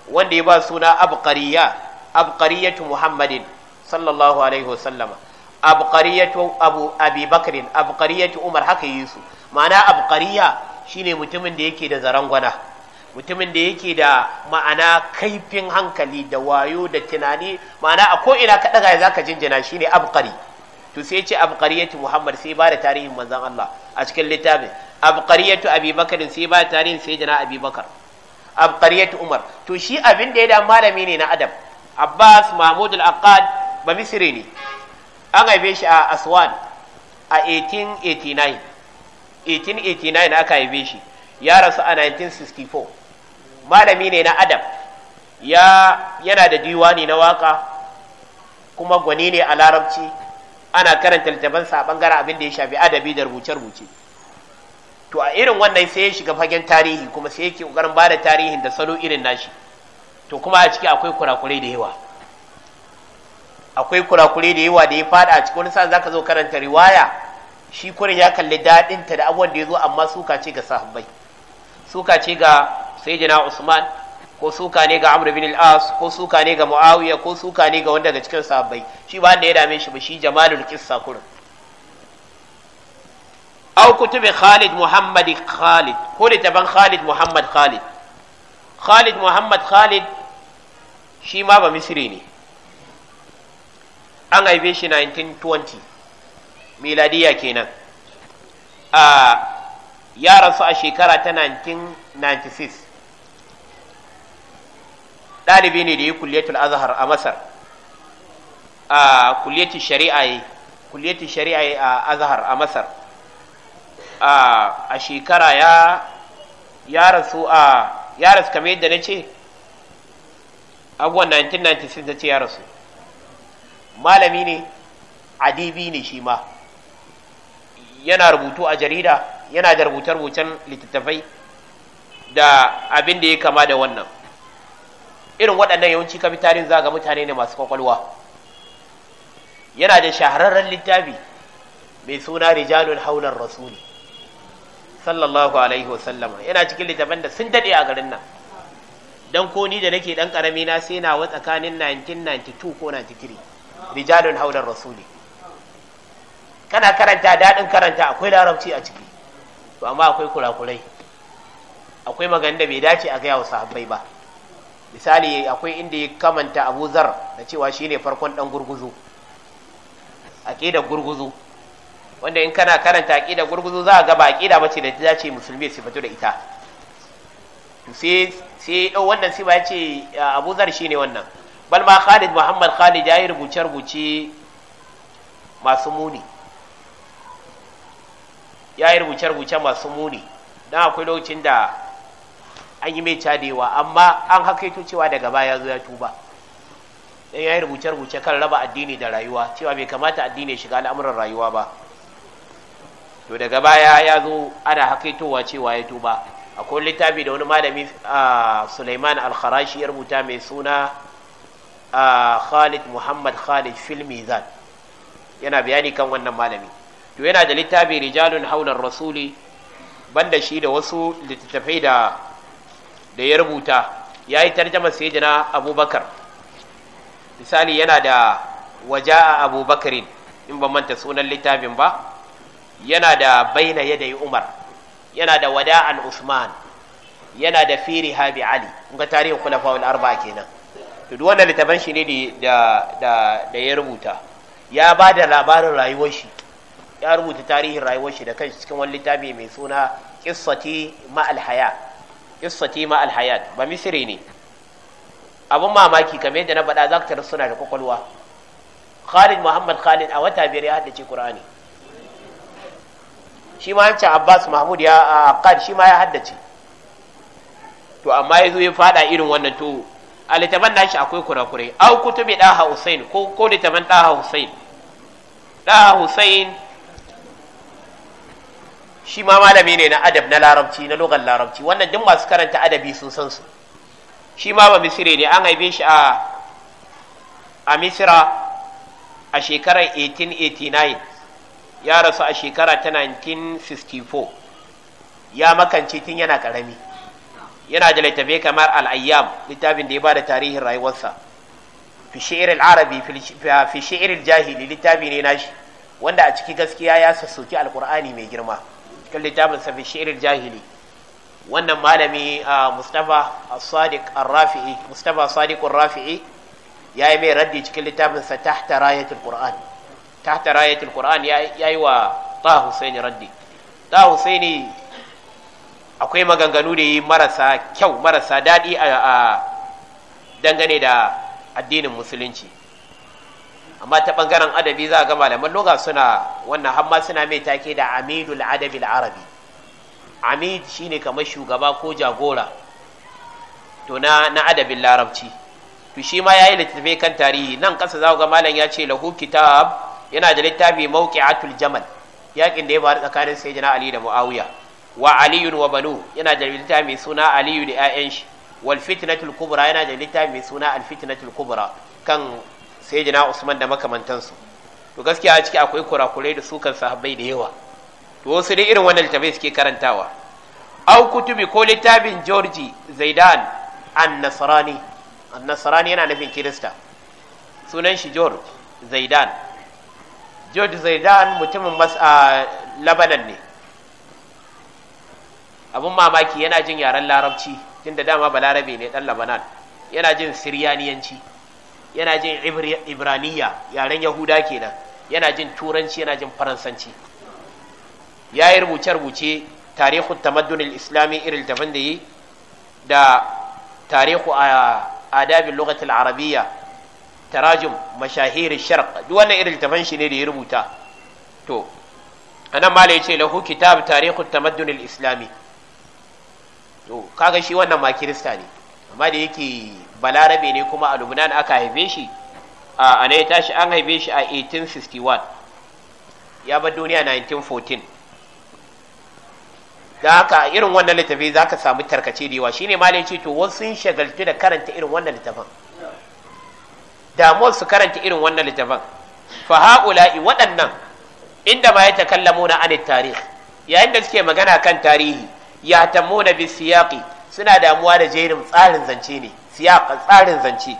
wanda ya ba suna abqariya abqariyatu Muhammadin sallallahu alaihi wasallama abqariyatu Abu Abi abqariyatu Umar haka yi su ma'ana abqariya shine mutumin da yake da zarangwana mutumin da yake da ma'ana kaifin hankali da wayo da tunani ma'ana a ko'ina ka ɗaga za ka jinjina shi ne abuƙari to sai ce ci muhammad sai ba da tarihin manzan allah a cikin littafin abkariyatu abubakar sai ba da tarihin sai jina abubakar abkariyatu umar to shi abin da ya da malami ne na adam abbas mahmud al-aqad ba misiri ne an haife shi a aswan a 1889 1889 aka haife shi ya rasu a 1964 malami ne na adam ya yana da diwani na waka kuma gwani ne a larabci ana karanta littafansa a bangaren abin da ya shafi adabi da rubuce-rubuce to a irin wannan sai ya shiga fagen tarihi kuma sai yake ƙoƙarin ba da tarihin da salo irin nashi to kuma a ciki akwai kurakurai da yawa akwai kurakurai da yawa da ya faɗa a cikin wani sa'an zaka zo karanta riwaya shi kurin ya kalli daɗinta da abubuwan da ya zo amma suka ce ga sahabbai suka ce ga sayyidina Usman ko suka ne ga Amr bin al-As ko suka ne ga Muawiya ko suka ne ga wanda daga cikin sahabbai shi ba da ya dame shi ba shi jamalul qissa kurin aw kutubi Khalid Muhammad Khalid ko da taban Khalid Muhammad Khalid Khalid Muhammad Khalid shi ma ba Misri ne an haife shi 1920 miladiya kenan a ah, ya rasu a shekara ta 1996 ɗalibi ne da ya kulliyatul azhar a masar a kulliyatul shari'a kulliyatul shari'a a azhar a masar a shekara ya ya rasu a ya rasu kama yadda na ce abuwan 1996 na ce ya rasu malami ne adibi ne shi ma yana rubutu a jarida yana da rubuce-rubucen littattafai da abin da ya kama da wannan irin waɗannan yawanci kafitarin za ga mutane ne masu kwakwalwa yana da shahararren littafi mai suna rijalun haular rasuli sallallahu alaihi wasallama yana cikin littafin da sun daɗe a garin nan Dan ko ni da nake ɗan ƙarami na sai na wa tsakanin 1992 ko 93 rijalun haular rasuli kana karanta daɗin karanta akwai larabci a ciki to amma akwai kurakurai akwai maganin da bai dace a gaya wa sahabbai ba misali akwai inda ya kamanta abu zar da cewa shine farkon dan gurguzu aqida gurguzu wanda in kana karanta aqida gurguzu za gaba a aqida mace da ta ce musulmi su fito da ita sai sai wannan sai ba ce abu zar ne wannan bal ma Khalid Muhammad Khalid ya yi rubuce rubuce masu muni ya yi rubuce rubuce masu muni don akwai lokacin da an yi mai cadewa amma an hakaito cewa daga baya zo ya tuba ya yi rubuce rubuce kan raba addini da rayuwa cewa bai kamata addini ya shiga al'amuran rayuwa ba to daga baya ya zo ana hakaitowa cewa ya tuba akwai littafi da wani malami suleiman Al-Kharashi ya rubuta mai suna Khalid Muhammad Khalid filmizan yana bayani kan wannan malami to yana da littafi rijalun haular rasuli banda shi da wasu littattafai da da ya rubuta ya yi tarjama sayyidina abubakar misali yana da a abubakarin in ban manta sunan littafin ba yana da baina yadayi umar yana da wada'an usman yana da firi habi ali in ga tarihin kulafawul arba kenan to duk wannan littafin shi ne da ya rubuta ya ba da labarin rayuwar shi ya rubuta tarihin rayuwar shi da kanshi cikin wani littafi mai suna qissati ma'al haya qissati ma alhayat ba misri ne abun mamaki kamar yadda na bada zakta suna da kwakwalwa Khalid Muhammad Khalid a wata biyar ya haddace Qur'ani shi ma yace Abbas Mahmud ya Aqad shi ma ya haddace to amma yazo ya fada irin wannan to a littafan nashi akwai kurakurai au kutubi ha husain ko ko ha husain da ha husain shi ma malami ne na adab na larabci na lugar larabci wannan duk masu karanta adabi sun san su shi ma ba ne an haife shi a a misira a shekarar 1889 ya rasu a shekara ta 1964 ya makance tun yana karami yana da littafai kamar al'ayyam littafin da ya bada tarihin rayuwarsa fi shi'iril arabi fi shi'iril jahili littafi ne nashi wanda a ciki gaskiya ya sassoki alkur'ani mai girma cikin littafin safi jahili wannan malami a mustafa sadiq rafi'i sadiq rafi'i ya yi mai raddi cikin littafin sa tahta rayatul qur'an tahta rayatul qur'an ya yi wa ta husaini raddi ta husaini akwai maganganu da yi marasa kyau marasa daɗi a dangane da addinin musulunci amma ta bangaren adabi za a ga malaman loga suna wannan hamma suna mai take da amidul adabi arabi amid shine kamar shugaba ko jagora to na na adabin larabci to shi ma yayi littattafai kan tarihi nan kasa za ga malam ya ce lahu kitab yana da littafi mawqi'atul jamal yakin da ya bari tsakanin sayyidina ali da muawiya wa Aliyu wa banu yana da littafi mai suna aliyu da 'ya'yan shi wal fitnatul kubra yana da littafi mai suna al fitnatul kubra kan Sai jina usman da makamantansu to gaskiya a ciki akwai kurakurai da sukan sahabbai da yawa to wasu dai irin wannan littafai suke karantawa au kutubi ko littafin georgi zaidan an Nasarani. an Nasarani yana nufin kirista sunan shi george zaidan george zaidan mutumin mas a labanan ne Abin mamaki yana jin yaren larabci tunda dama balarabe ne dan labanan yana jin siryaniyanci yana jin ibraniya yaren yahuda kenan yana jin turanci yana jin faransanci ya yi rubuce-rubuce tarihun tamaddunin islami irin daban da yi da tarihu a adabin lokacin arabiya tarajim mashahirin sharq duk wannan irin daban shi ne da ya rubuta to anan mala ya ce lahu kitab tarihun tamaddunin islami to kaga shi wannan ma kirista ne amma da yake balarabe ne kuma a lubnan aka haife shi a ne tashi an haife shi a 1861 ya bar duniya 1914 da haka irin wannan littafi za ka samu tarkace da yawa shi ne malin ce to wasu sun shagaltu da karanta irin wannan littafin damuwar su karanta irin wannan littafin fa haƙula'i waɗannan inda ma ya takallamo na anit tarih yayin da suke magana kan tarihi ya tammo na bisiyaki suna damuwa da jerin tsarin zance ne siyaka tsarin zance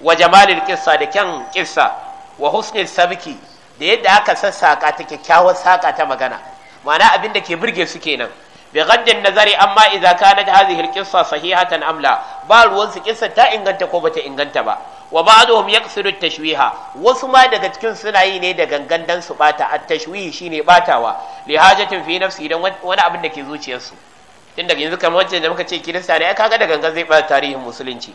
wa jamalil kissa da kyan kissa wa husnil sabki da yadda aka sassaka ta kyakkyawar saka ta magana ma'ana abin da ke burge su kenan bi gaddin nazari amma idza da hadhihi kissa sahihatan am ba ruwan su ta inganta ko bata inganta ba wa ba'dhum yaqsidu tashwiha wasu ma daga cikin suna yi ne da gangan su bata at-tashwihi shine batawa li hajatin fi nafsi dan wani abin da ke zuciyarsu daga yanzu kamar wancan da muka ce kirista ne kaga da ganga zai bada tarihin musulunci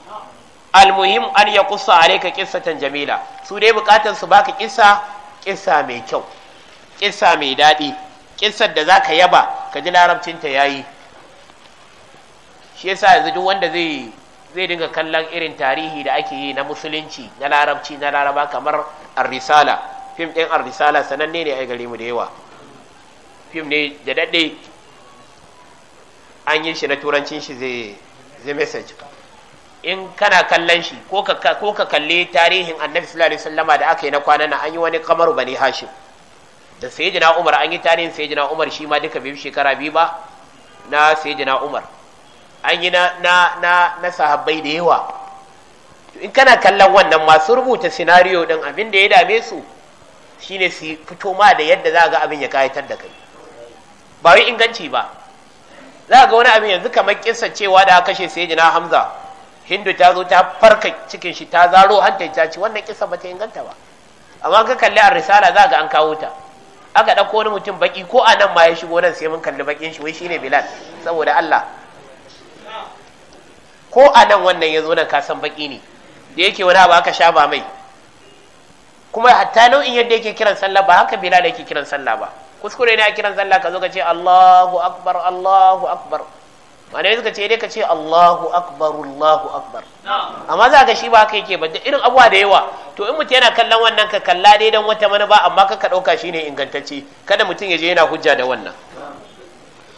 almuhim an ya kusa a alaika tan jamila su dai bukatar su baka kisa, kissa mai kyau kissa mai daɗi kissar da za ka yaba ka ji larabcin ta yayi shi yasa yanzu duk wanda zai zai dinga kallon irin tarihi da ake yi na musulunci na larabci na laraba kamar arrisala fim ɗin arrisala risala sananne ne a gare mu da yawa fim ne da daɗe an yi shi na turancin shi zai zai message in kana kallon shi ko ka ko kalli tarihin annabi sallallahu alaihi wasallama da aka yi na kwana na an yi wani kamar bani hashim da sayyidina umar an yi tarihin sayyidina umar shi ma duka biyu shekara biyu ba na sayyidina umar an yi na na na, na sahabbai da yawa in kana kallon wannan masu rubuta sinariyo din abin da ya dame su shine su fito ma da yadda za ga abin ya kayatar da kai ba wai inganci ba za ga wani abin yanzu kamar kisa cewa da kashe sai jina hamza hindu ta zo ta farka cikin shi ta zaro hanta ta ci wannan kisa ba ta inganta ba amma ka kalli a risala za ga an kawo ta aka ɗauko wani mutum baki ko a nan ma ya shigo nan sai mun kalli bakin shi wai shine bilal saboda allah ko a nan wannan ya zo nan ka san baki ne da yake wani abu aka sha ba mai kuma hatta nau'in yadda yake kiran sallah ba haka bilal yake kiran sallah ba kuskure ne a kiran sallah ka zo ka ce Allahu akbar Allahu akbar malamai suka ce dai ka ce Allahu akbar Allahu akbar amma za ka shi ba haka yake ba irin abuwa da yawa to in mutum yana kallon wannan ka kalla dai dan wata ba amma ka ka dauka shine ingantacce kada mutum ya je yana hujja da wannan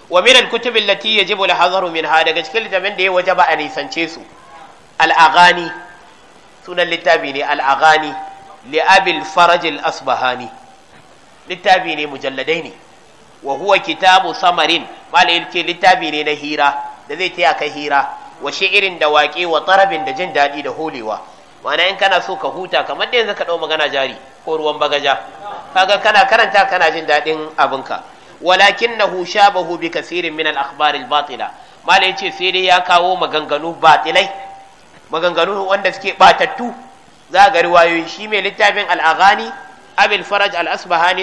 wa min al-kutub allati yajibu al-hadaru minha daga cikin littafin da ya wajaba a nisance su al-aghani sunan littafi ne al-aghani li abil faraj al-asbahani littafi ne mujalladai ne wa huwa kitabu samarin malayin ce littafi ne na hira da zai taya ka hira wa shi'irin da waƙe wa tsarabin da jin daɗi da holewa Mana in kana so ka huta kamar da yanzu ka ɗau magana jari ko ruwan bagaja kaga kana karanta kana jin daɗin abinka walakinahu Bahu bi kasirin min al-akhbar batila malai ce sai dai ya kawo maganganu batilai maganganu wanda suke batattu za ga riwayoyi shi mai littafin al-aghani abil faraj al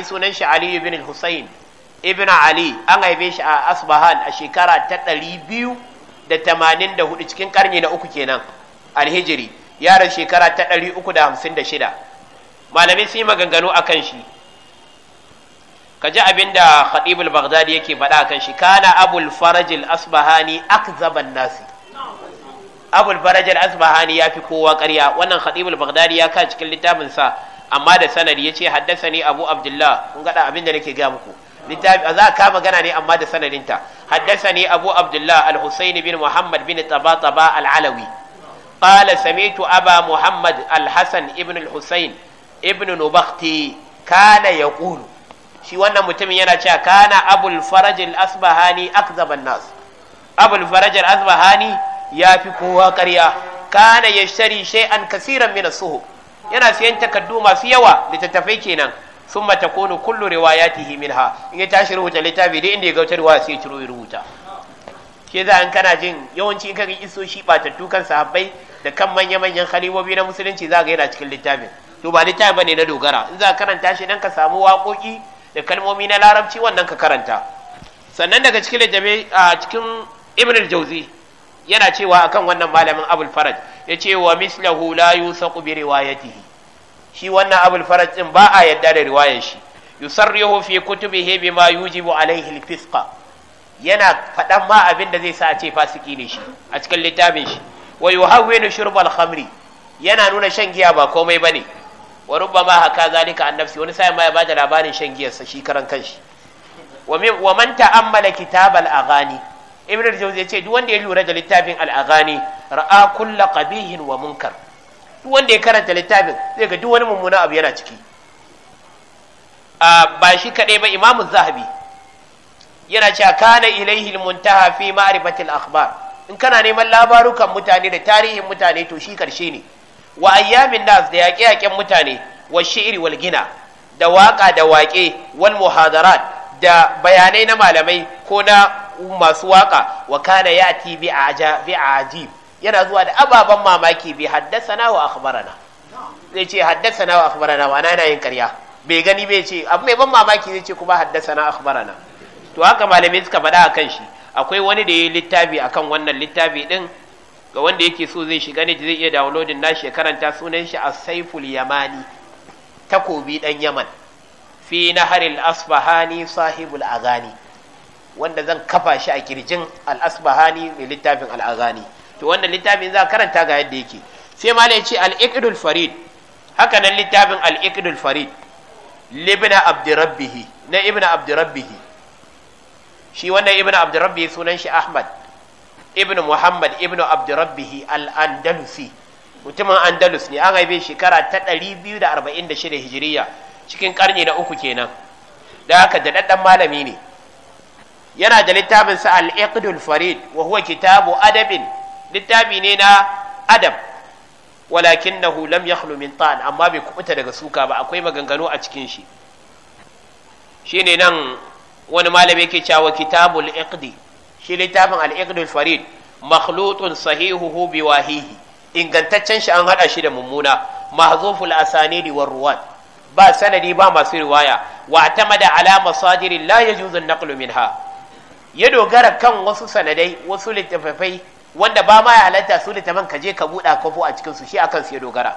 sunan shi Aliyu bin al-husayn ibn ali an haife shi a asbahan a shekara ta hudu cikin karni na uku kenan alhijiri yaran shekara ta da shida. malamin sun yi maganganu akan shi kaji abinda khatibul baghdadi yake faɗa kan shi kana abul faraj al-asbahani akzaban nasi abul faraj al-asbahani yafi kowa ƙarya wannan khatibul baghdadi ya ka cikin littafin sa amma da sanadi yace haddathani abu abdullah kun gada abin da nake ga muku littafi za ka magana ne amma da sanadinta haddathani abu abdullah al-husayn bin muhammad bin tabataba al-alawi qala sami'tu aba muhammad al-hasan ibn al-husayn ibn nubakhti kana yaqulu shi wannan mutumin yana cewa kana abul faraj al-asbahani akdhaban nas abul faraj al-asbahani yafi kowa ƙarya kana yashtari shay'an kaseeran min as-suhuf yana siyan takardu masu yawa littattafai kenan sun mata kone kullu riwayatihi minha in ya tashi rubuta littafi da inda ya gauta wa sai ya ciro ya rubuta ke za an kana jin yawanci in kaga isoshi batattu kan sahabbai da kan manya-manyan khalibobi na musulunci za ga yana cikin littafin to ba littafin ne na dogara in za ka karanta shi dan ka samu waƙoƙi da kalmomi na larabci wannan ka karanta sannan daga cikin littafi a cikin ibn al-jawzi yana cewa akan wannan malamin abul faraj ya ce wa mislahu la yusaqu bi riwayatihi shi wannan abul faraj din ba a yadda da riwayar shi yusarrihu fi kutubihi bima yujibu alaihi al yana faɗan ma abin da zai sa a ce fasiki ne shi a cikin littafin shi wa yuhawwinu shurbal khamri yana nuna shan giya ba komai bane wa rubbama haka zalika an wani sai ma ya bada labarin shan giyar sa shi karan kanshi wa man ta'ammala kitabal aghani ibn al-jawzi yace duk wanda ya lura da littafin al-aghani ra'a kullu qabihin wa munkar duk wanda ya karanta littafin zai ga duk wani mummuna abu yana ciki a ba shi kadai ba imam zahabi yana cewa kana ilaihi al-muntaha fi ma'rifati al-akhbar in kana neman labarukan mutane da tarihin mutane to shi karshe ne wa ayyamin nas da yaƙe-yaƙen mutane wa shi'ri wal gina da waƙa da waƙe wal muhadarat da bayanai na malamai ko na masu waka wa kana yati bi bi ajib yana zuwa da ababan mamaki bi haddasana wa akhbarana zai ce haddasana wa akhbarana wa ana yin karya bai gani bai ce abu mai ban mamaki zai ce kuma haddasana akhbarana to haka malamai suka faɗa akan shi akwai wani da ya yi littafi akan wannan littafi din ga wanda yake so zai shiga ne zai iya downloading na shi karanta sunan shi Asaiful yamani takobi dan yaman fi naharil asfahani sahibul Agani. wanda zan kafa shi a kirjin al'asbahani mai littafin al'azani to wannan littafin za karanta ga yadda yake sai ma ya ce al farid haka nan littafin al farid libna abdurabbihi na ibnu abdurabbihi shi wannan ibnu abdurabbihi sunan shi ahmad ibnu muhammad ibnu abdurabbihi al-andalusi mutumin andalus ne an haife shekara ta 246 hijiriya cikin karni na uku kenan da haka da daddan malami ne yana da littafin sa al-iqdul farid wa huwa kitabu adabin littafi ne na adab walakinahu lam yakhlu min ta'an amma bai kubuta daga suka ba akwai maganganu a cikin shi shine nan wani malami yake cewa kitabul iqdi shi littafin al-iqdul farid makhlutun sahihuhu wahihi. ingantaccen shi an hada shi da mummuna mahzuful asanidi war ruwat ba sanadi ba masu riwaya wa tamada ala masadir la yajuzu an-naqlu minha ya dogara kan wasu sanadai wasu littattafai wanda ba ma ya halatta su littafan ka je ka buɗa kofo a cikin su shi akan su ya dogara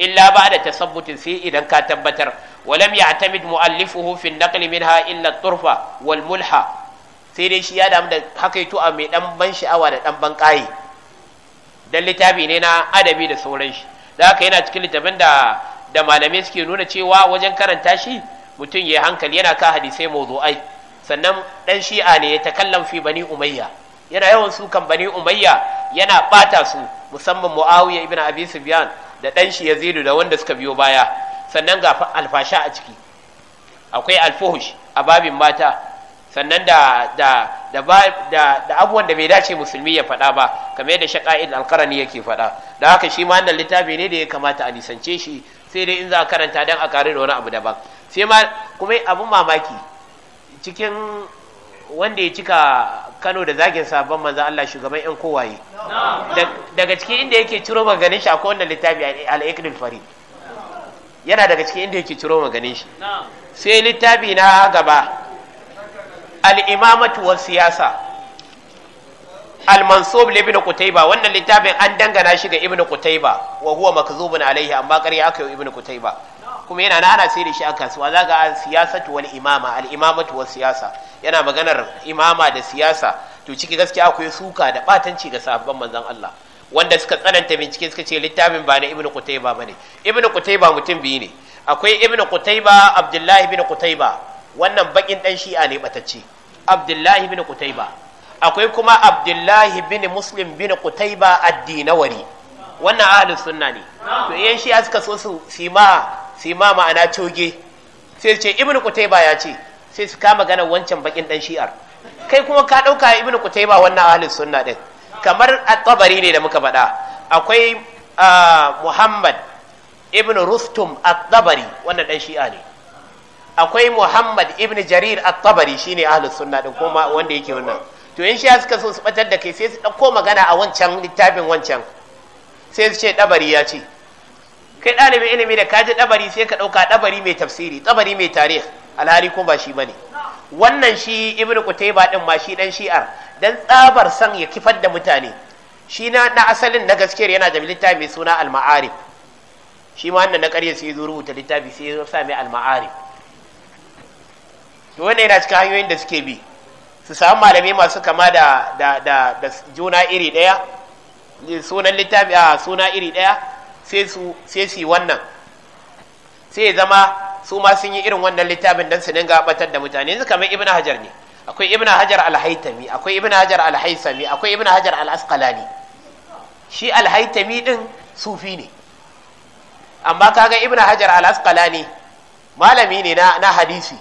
illa ba da tasabbutin sai idan ka tabbatar walam ya'tamid mu'allifuhu fi an-naqli minha illa turfa wal mulha sai dai shi ya damu da hakaito a mai dan ban sha'awa da dan ban kayi dan littafi ne na adabi da sauran shi da haka yana cikin littafin da da malamai suke nuna cewa wajen karanta shi mutum ya hankali yana ka hadisai mawdu'ai sannan ɗan shi'a ne ya takallam fi bani umayya yana yawan sukan bani umayya yana ɓata su musamman muawiya ibn abi sufyan da dan shi yazidu da wanda suka biyo baya sannan ga alfasha a ciki akwai alfuhush a babin mata sannan da da da da, da abubuwan da bai dace musulmi ya faɗa ba kamar yadda shaqa'il alqarani yake faɗa da haka shi ma wannan littafi ne da ya kamata a nisance shi sai dai in za a karanta dan a karu da wani abu daban sai ma kuma abun mamaki cikin wanda ya cika kano da zagin sabon maza Allah shugaban yan kowaye daga cikin inda yake ciro maganin shi akwai wannan littafi al-iqdil fari, yana daga cikin inda yake ciro maganin shi sai littafi na gaba al-imamatu siyasa al-mansub li ibn qutayba wannan littafin an dangana shi ga ibn qutayba wa huwa makzubun alaihi amma ƙarya aka yi ibn qutayba kuma yana na ana sai da shi a kasuwa za ga siyasatu wal imama al imamatu was siyasa yana maganar imama da siyasa to ciki gaskiya akwai suka da batanci ga sahabban manzon Allah wanda suka tsananta bincike suka ce littafin ba na ibnu qutayba bane ibnu qutayba mutum biyu ne akwai ibnu qutayba abdullahi ibnu qutayba wannan bakin dan shi'a ne batacce abdullahi ibnu qutayba akwai kuma abdullahi bin muslim bin qutayba ad-dinawari wannan ahlus sunna ne to yan shi'a suka so su sima sai ma ma'ana coge sai ce ibnu kutaiba ya ce sai su kama ganin wancan bakin dan shi'ar kai kuma ka dauka ibnu kutaiba wannan ahlus sunna din kamar at-tabari ne da muka faɗa akwai muhammad ibnu rustum at-tabari wannan dan shi'a ne akwai muhammad ibnu jarir at-tabari shine ahlus sunna din kuma wanda yake wannan to in shi suka so su batar da kai sai su dauko magana a wancan littafin wancan sai su ce dabari ya ce kai ɗalibin ilimi da kaji ɗabari sai ka ɗauka ɗabari mai tafsiri ɗabari mai tarih alhali ko ba shi ba ne wannan shi ibnu kutaiba ɗin ma shi ɗan shi'ar dan tsabar san ya kifar da mutane shi na na asalin na gaskiyar yana da littafi mai suna al-ma'arif shi ma wannan na ƙarya sai zo rubuta littafi sai ya sa mai al-ma'arif to wannan yana cikin hanyoyin da suke bi su samu malamai masu kama da da da juna iri ɗaya sunan littafi a suna iri ɗaya sai su yi wannan sai zama su ma sun yi irin wannan littafin don su dinga batar da mutane yanzu kamar Ibn hajar ne akwai Ibn hajar alhaitami akwai Ibn hajar alhaisami akwai Ibn hajar al shi alhaitami ɗin sufi ne amma kaga Ibn hajar al malami ne na na hadisi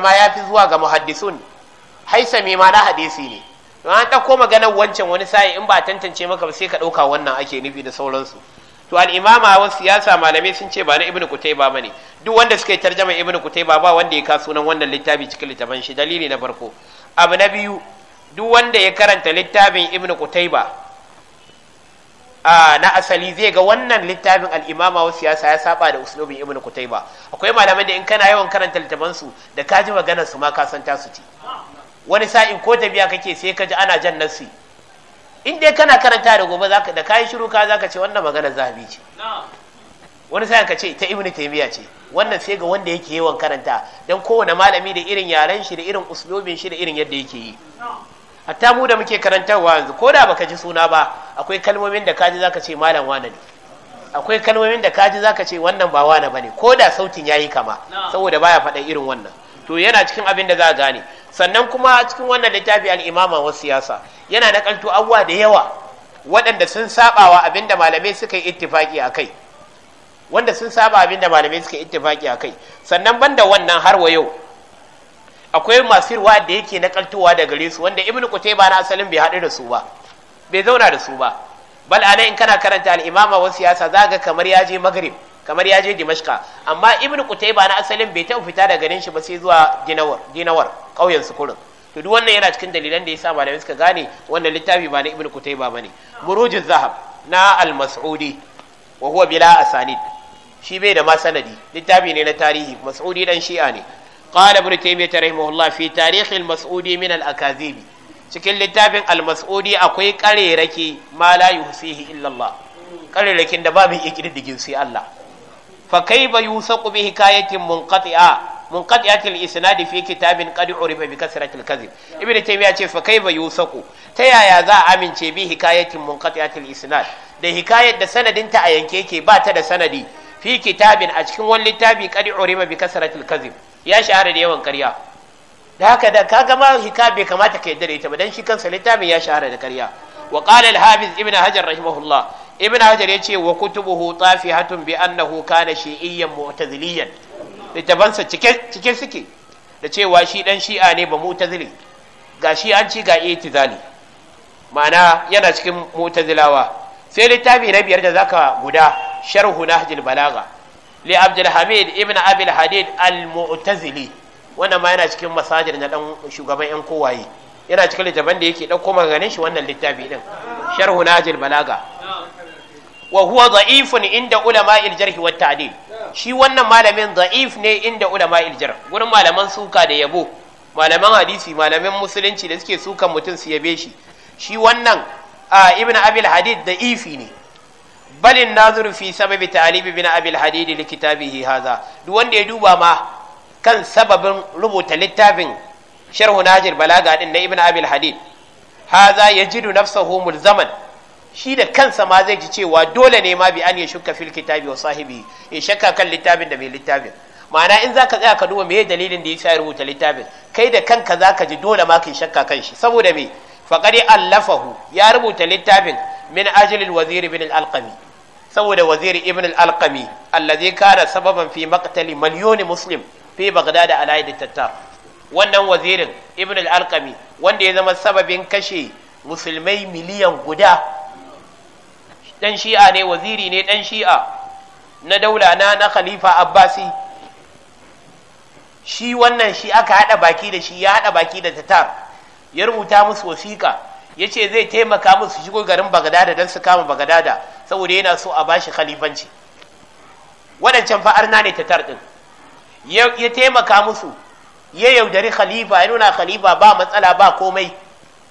ma ya fi zuwa ga muhaddisun haisami ma na hadisi ne to an ɗauko maganar wancan wani sa'i in ba tantance maka ba sai ka ɗauka wannan ake nufi da sauransu to al'imama wasu siyasa malamai sun ce ba na ibnu kutaiba bane duk wanda suka yi tarjama ibnu kutaiba ba wanda ya ka sunan wannan littafi cikin littafin shi dalili na farko abu na biyu duk wanda ya karanta littafin ibnu a na asali zai ga wannan littafin al'imama wasu siyasa ya saba da uslubin ibnu kutaiba akwai malamai da in kana yawan karanta littafansu da ka ji maganar su ma ka san tasu ce wani sa'in ko tafiya kake sai ka ji ana jan Nassi. in dai kana karanta da gobe da kayan shiru ka zaka ce wannan maganar zahabi ce wani sa'in ka ce ta ibnu taymiya ce wannan sai ga wanda yake yawan karanta dan kowane malami da irin yaren shi da irin uslubin shi da irin yadda yake yi hatta mu da muke karantarwa yanzu ko da baka ji suna ba akwai kalmomin da kaji zaka ce malam wane ne akwai kalmomin da kaji zaka ce wannan ba wane ne, ko da sautin yayi kama saboda baya faɗa irin wannan to yana cikin abin da za a gane sannan kuma cikin wannan littafi al'imama wasu siyasa yana nakalto abubuwa da yawa waɗanda sun sabawa abin da malamai suka yi ittifaki a kai wanda sun saba abin da malamai suka yi ittifaki a kai sannan banda wannan har wa yau akwai masu ruwa da yake nakaltowa da gare su wanda ibnu kutaiba na asalin bai haɗu da su ba bai zauna da su ba bal in kana karanta al'imama wasu siyasa za ga kamar ya je magrib kamar ya je dimashka amma ibnu kutaiba na asalin bai taɓa fita daga garin shi ba sai zuwa dinawar dinawar ƙauyen sukurin to duk wannan yana cikin dalilan da yasa malamai suka gane wannan littafi ba na ibnu kutaiba bane Murujin zahab na al-mas'udi wa huwa bila asanid shi bai da ma sanadi littafi ne na tarihi mas'udi dan shi'a ne qala ibnu taymiyyah rahimahullah fi tarikh al-mas'udi min al-akazibi cikin littafin al-mas'udi akwai karerake ma la yuhsihi illa Allah da babu ikididdigin sai Allah fa kaifa yusaqu bi hikayatin munqati'a munqati'atil isnad fi kitabin qad urifa bi kasratil kadhib ibnu taymiya ce fa kaifa yusaqu ta yaya za a amince bi hikayatin munqati'atil isnad da hikayar da sanadin ta a yanke yake ba ta da sanadi fi kitabin a cikin wani littafi qad urifa bi kasratil ya shahara da yawan karya. da haka da kaga ma hika bai kamata ka yadda da ita ba dan shi kansa littafin ya shahara da karya. wa qala al-hafiz ibnu hajar rahimahullah ibn hajar ya ce wa kutubuhu tafihatun bi annahu kana shi'iyyan mu'taziliyan littafansa cike cike suke da cewa shi dan shi'a ne ba mu'tazili an ci ga itizali ma'ana yana cikin mu'tazilawa sai littafi na biyar da zaka guda sharhu nahjul Balaga. li abdul hamid ibn abil hadid al mu'tazili wannan ma yana cikin masajir na dan shugaban yan kowaye yana cikin littafin da yake dauko maganin shi wannan littafi din sharhu nahjul Balaga. wa huwa da'ifun inda ulama iljarhi wa ta'dil shi wannan malamin da'if ne inda ulama iljarh gurin malaman suka da yabo malaman hadisi malaman musulunci da suke sukan mutum su yabe shi shi wannan ibn abil hadid da'ifi ne balin na fi sababi ta'alibi bin abil hadid li kitabihi hadha duk wanda ya duba ma kan sababin rubuta littafin sharhu najir balaga din na ibn abil hadid hadha yajidu nafsahu mulzaman shi da kansa ma zai ji cewa dole ne ma bi an ya shuka fil kitabi wa sahibi ya shakka kan littafin da mai littafin ma'ana in zaka tsaya ka duba me dalilin da yasa ya rubuta littafin kai da kanka zaka ji dole ma kai shakka kan shi saboda me faqad allafahu ya rubuta littafin min ajlil wazir ibn al-alqami saboda wazir ibn al-alqami zai kana sababan fi maqtali milyoni muslim fi baghdad ala tattar wannan wazirin ibn al-alqami wanda ya zama sababin kashe musulmai miliyan guda dan shi'a ne waziri ne dan shi'a na daula na na khalifa abbasi shi wannan shi aka haɗa baki da shi ya haɗa baki da tatar ya rubuta musu wasiƙa ya ce zai taimaka musu shigo garin bagadada don su kama bagadada saboda yana so a bashi khalifanci waɗancan na ne tatar ɗin ya taimaka musu ya yaudari khalifa ya nuna khalifa ba matsala ba komai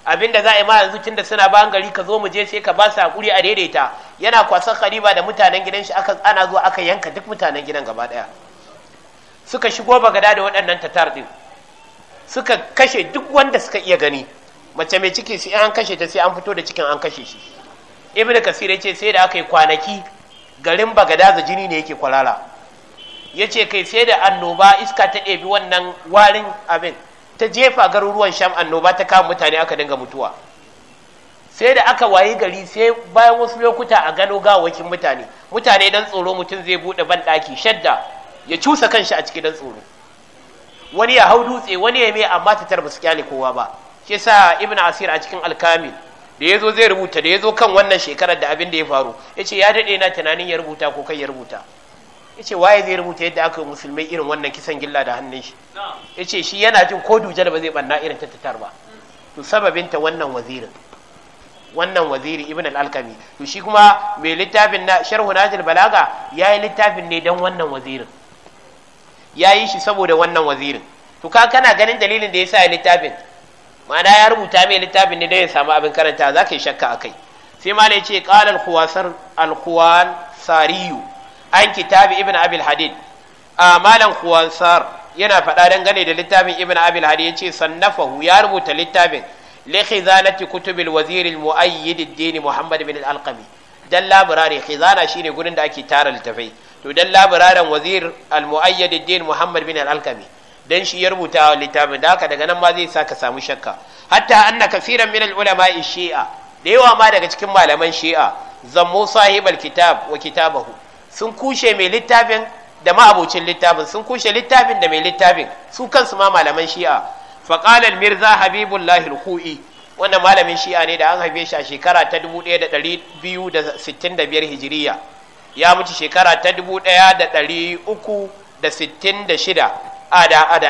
Abin da za a yi ma yanzu tunda suna bayan gari ka zo mu je sai ka ba su hakuri a daidaita yana kwasan kariba da mutanen gidan shi aka ana zo aka yanka duk mutanen gidan gaba daya suka shigo bagada da waɗannan tatar din suka kashe duk wanda suka iya gani mace mai ciki sai an kashe ta sai an fito da cikin an kashe shi ibnu kasir ya ce sai da aka yi kwanaki garin bagada da jini ne yake kwalala ya ce kai sai da annoba iska ta ɗebi wannan warin abin ta jefa garuruwan sham annoba ta kama mutane aka dinga mutuwa sai da aka wayi gari sai bayan wasu lokuta a gano gawakin mutane mutane dan tsoro mutum zai bude ban daki shadda ya cusa kanshi a cikin dan tsoro wani ya hau dutse wani ya mai amma ta tarba su kyale kowa ba shi yasa ibnu asir a cikin alkamil da yazo zai rubuta da yazo kan wannan shekarar da abin da ya faru yace ya dade na tunanin ya rubuta ko kai ya rubuta yace waye zai rubuta yadda aka yi musulmai irin wannan kisan gilla da hannun shi yace shi yana jin ko da ba zai banna irin ta ba to sababin ta wannan wazirin wannan waziri ibn al-alkami to shi kuma mai littafin na sharhu najil balaga yayi littafin ne dan wannan wazirin yayi shi saboda wannan wazirin to ka kana ganin dalilin da yasa ya littafin ma'ana ya rubuta mai littafin ne dan ya samu abin karanta zaka yi shakka akai sai ma ce qala al-khuwasar al-khuwan sariyu an kitabi ibn abil hadid a malam kuwansar yana faɗa dangane da littafin ibn abil hadid yace sannafahu ya rubuta littafin li kutubil Wazirin al muayyid muhammad bin al alqami dan labirare khizana shine gurin da ake tara littafai to dan labiraren wazir al muayyid muhammad bin al alqami dan shi ya rubuta littafin da haka daga nan ma zai saka samu shakka hatta anna kafiran min al ulama shi'a da yawa ma daga cikin malaman shi'a zammu sahibal kitab wa kitabahu sun kushe mai littafin da ma'abocin littafin sun kushe littafin da mai littafin su kansu ma malaman shi'a faƙalar mirza habibullahi ruhu'i wannan malamin shi'a ne da an haife shi a shekara ta 1265 hijiriya ya mutu shekara ta 1366 da a da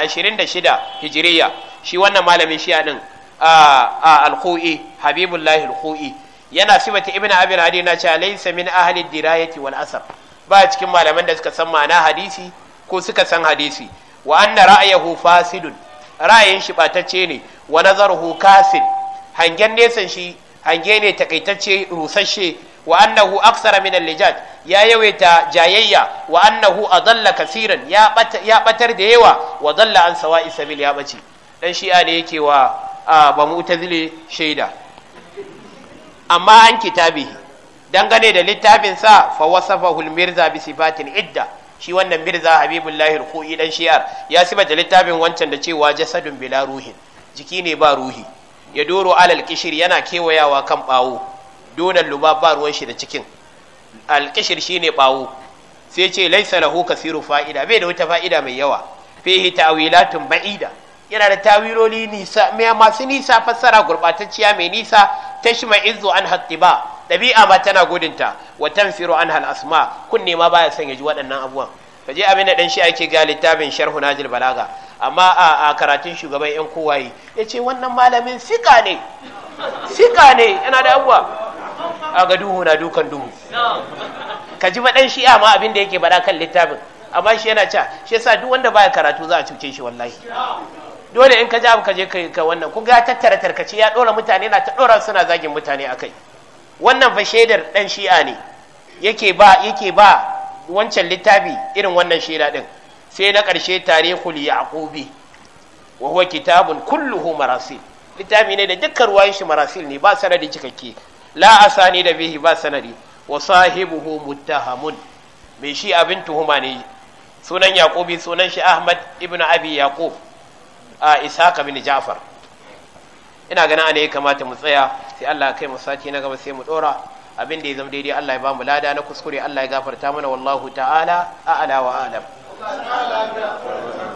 hijiriya shi wannan malamin shi'a ɗin a alhu'i habibullahi ruhu'i yana sifata ibn abin hadi na cewa laysa min ahli dirayati wal asar ba cikin malaman da suka san ma'ana hadisi ko suka san hadisi wa anna ra'ayahu fasidun ra'ayin shi batacce ne wa nazaruhu kasin hangen nesan shi hange ne takaitacce rusasshe wa annahu aksara min al-lijaj ya yawaita jayayya wa annahu adalla kasiran ya ya batar da yawa wa dalla an sawa'i sabil ya bace dan shi'a ne yake wa ba mu'tazili shaida amma an kitabihi dangane da littafin sa fa wasafahu mirza bi sifatin idda shi wannan mirza habibullahi al-khu'i dan shi'ar ya da littafin wancan da cewa jasadun bila ruhin jiki ne ba ruhi ya doro alal kishir yana kewayawa kan bawo donan luba ba ruwan shi da cikin alkishir shine bawo sai ce laisa lahu kasiru fa'ida bai da wata fa'ida mai yawa fihi ta'wilatun ba'ida yana da tawiloli nisa masu nisa fassara gurbatacciya mai nisa tashma izu an hattiba ɗabi'a ba tana gudunta wa tanfiru an hal asma kunne ma baya son ya ji waɗannan abubuwan ka je abin da ɗan shi ake ga littafin sharhu najil balaga amma a karatun shugaban yan kowaye ya ce wannan malamin fika ne fika ne yana da abuwa a ga duhu na dukan duhu ka ji baɗan shi'a ma abin da yake baɗa kan littafin amma shi yana ca shi yasa duk wanda baya karatu za a cuce shi wallahi dole in ka ji abu ka je ka wannan kun ga tattara tarkace ya ɗora mutane na ta ɗora suna zagin mutane akai wannan fa shaidar ɗan shi'a ne yake ba yake ba wancan littafi irin wannan shaida ɗin sai na ƙarshe tarihul yaqubi wa huwa kitabun kulluhu marasil littafi ne da dukkan ruwan shi marasil ne ba sanadi cikakke la asani da bihi ba sanadi wa sahibuhu muttahamun mai shi abin tuhuma ne sunan yaqubi sunan shi ahmad ibnu abi yaqub a isaka bin ja'far ina ganin ana ya kamata mu tsaya sai Allah kai mu sati na gaba sai mu dora abin da ya zama daidai Allah ya ba mu lada na kuskure Allah ya gafarta mana wallahu ta'ala a'ala wa alam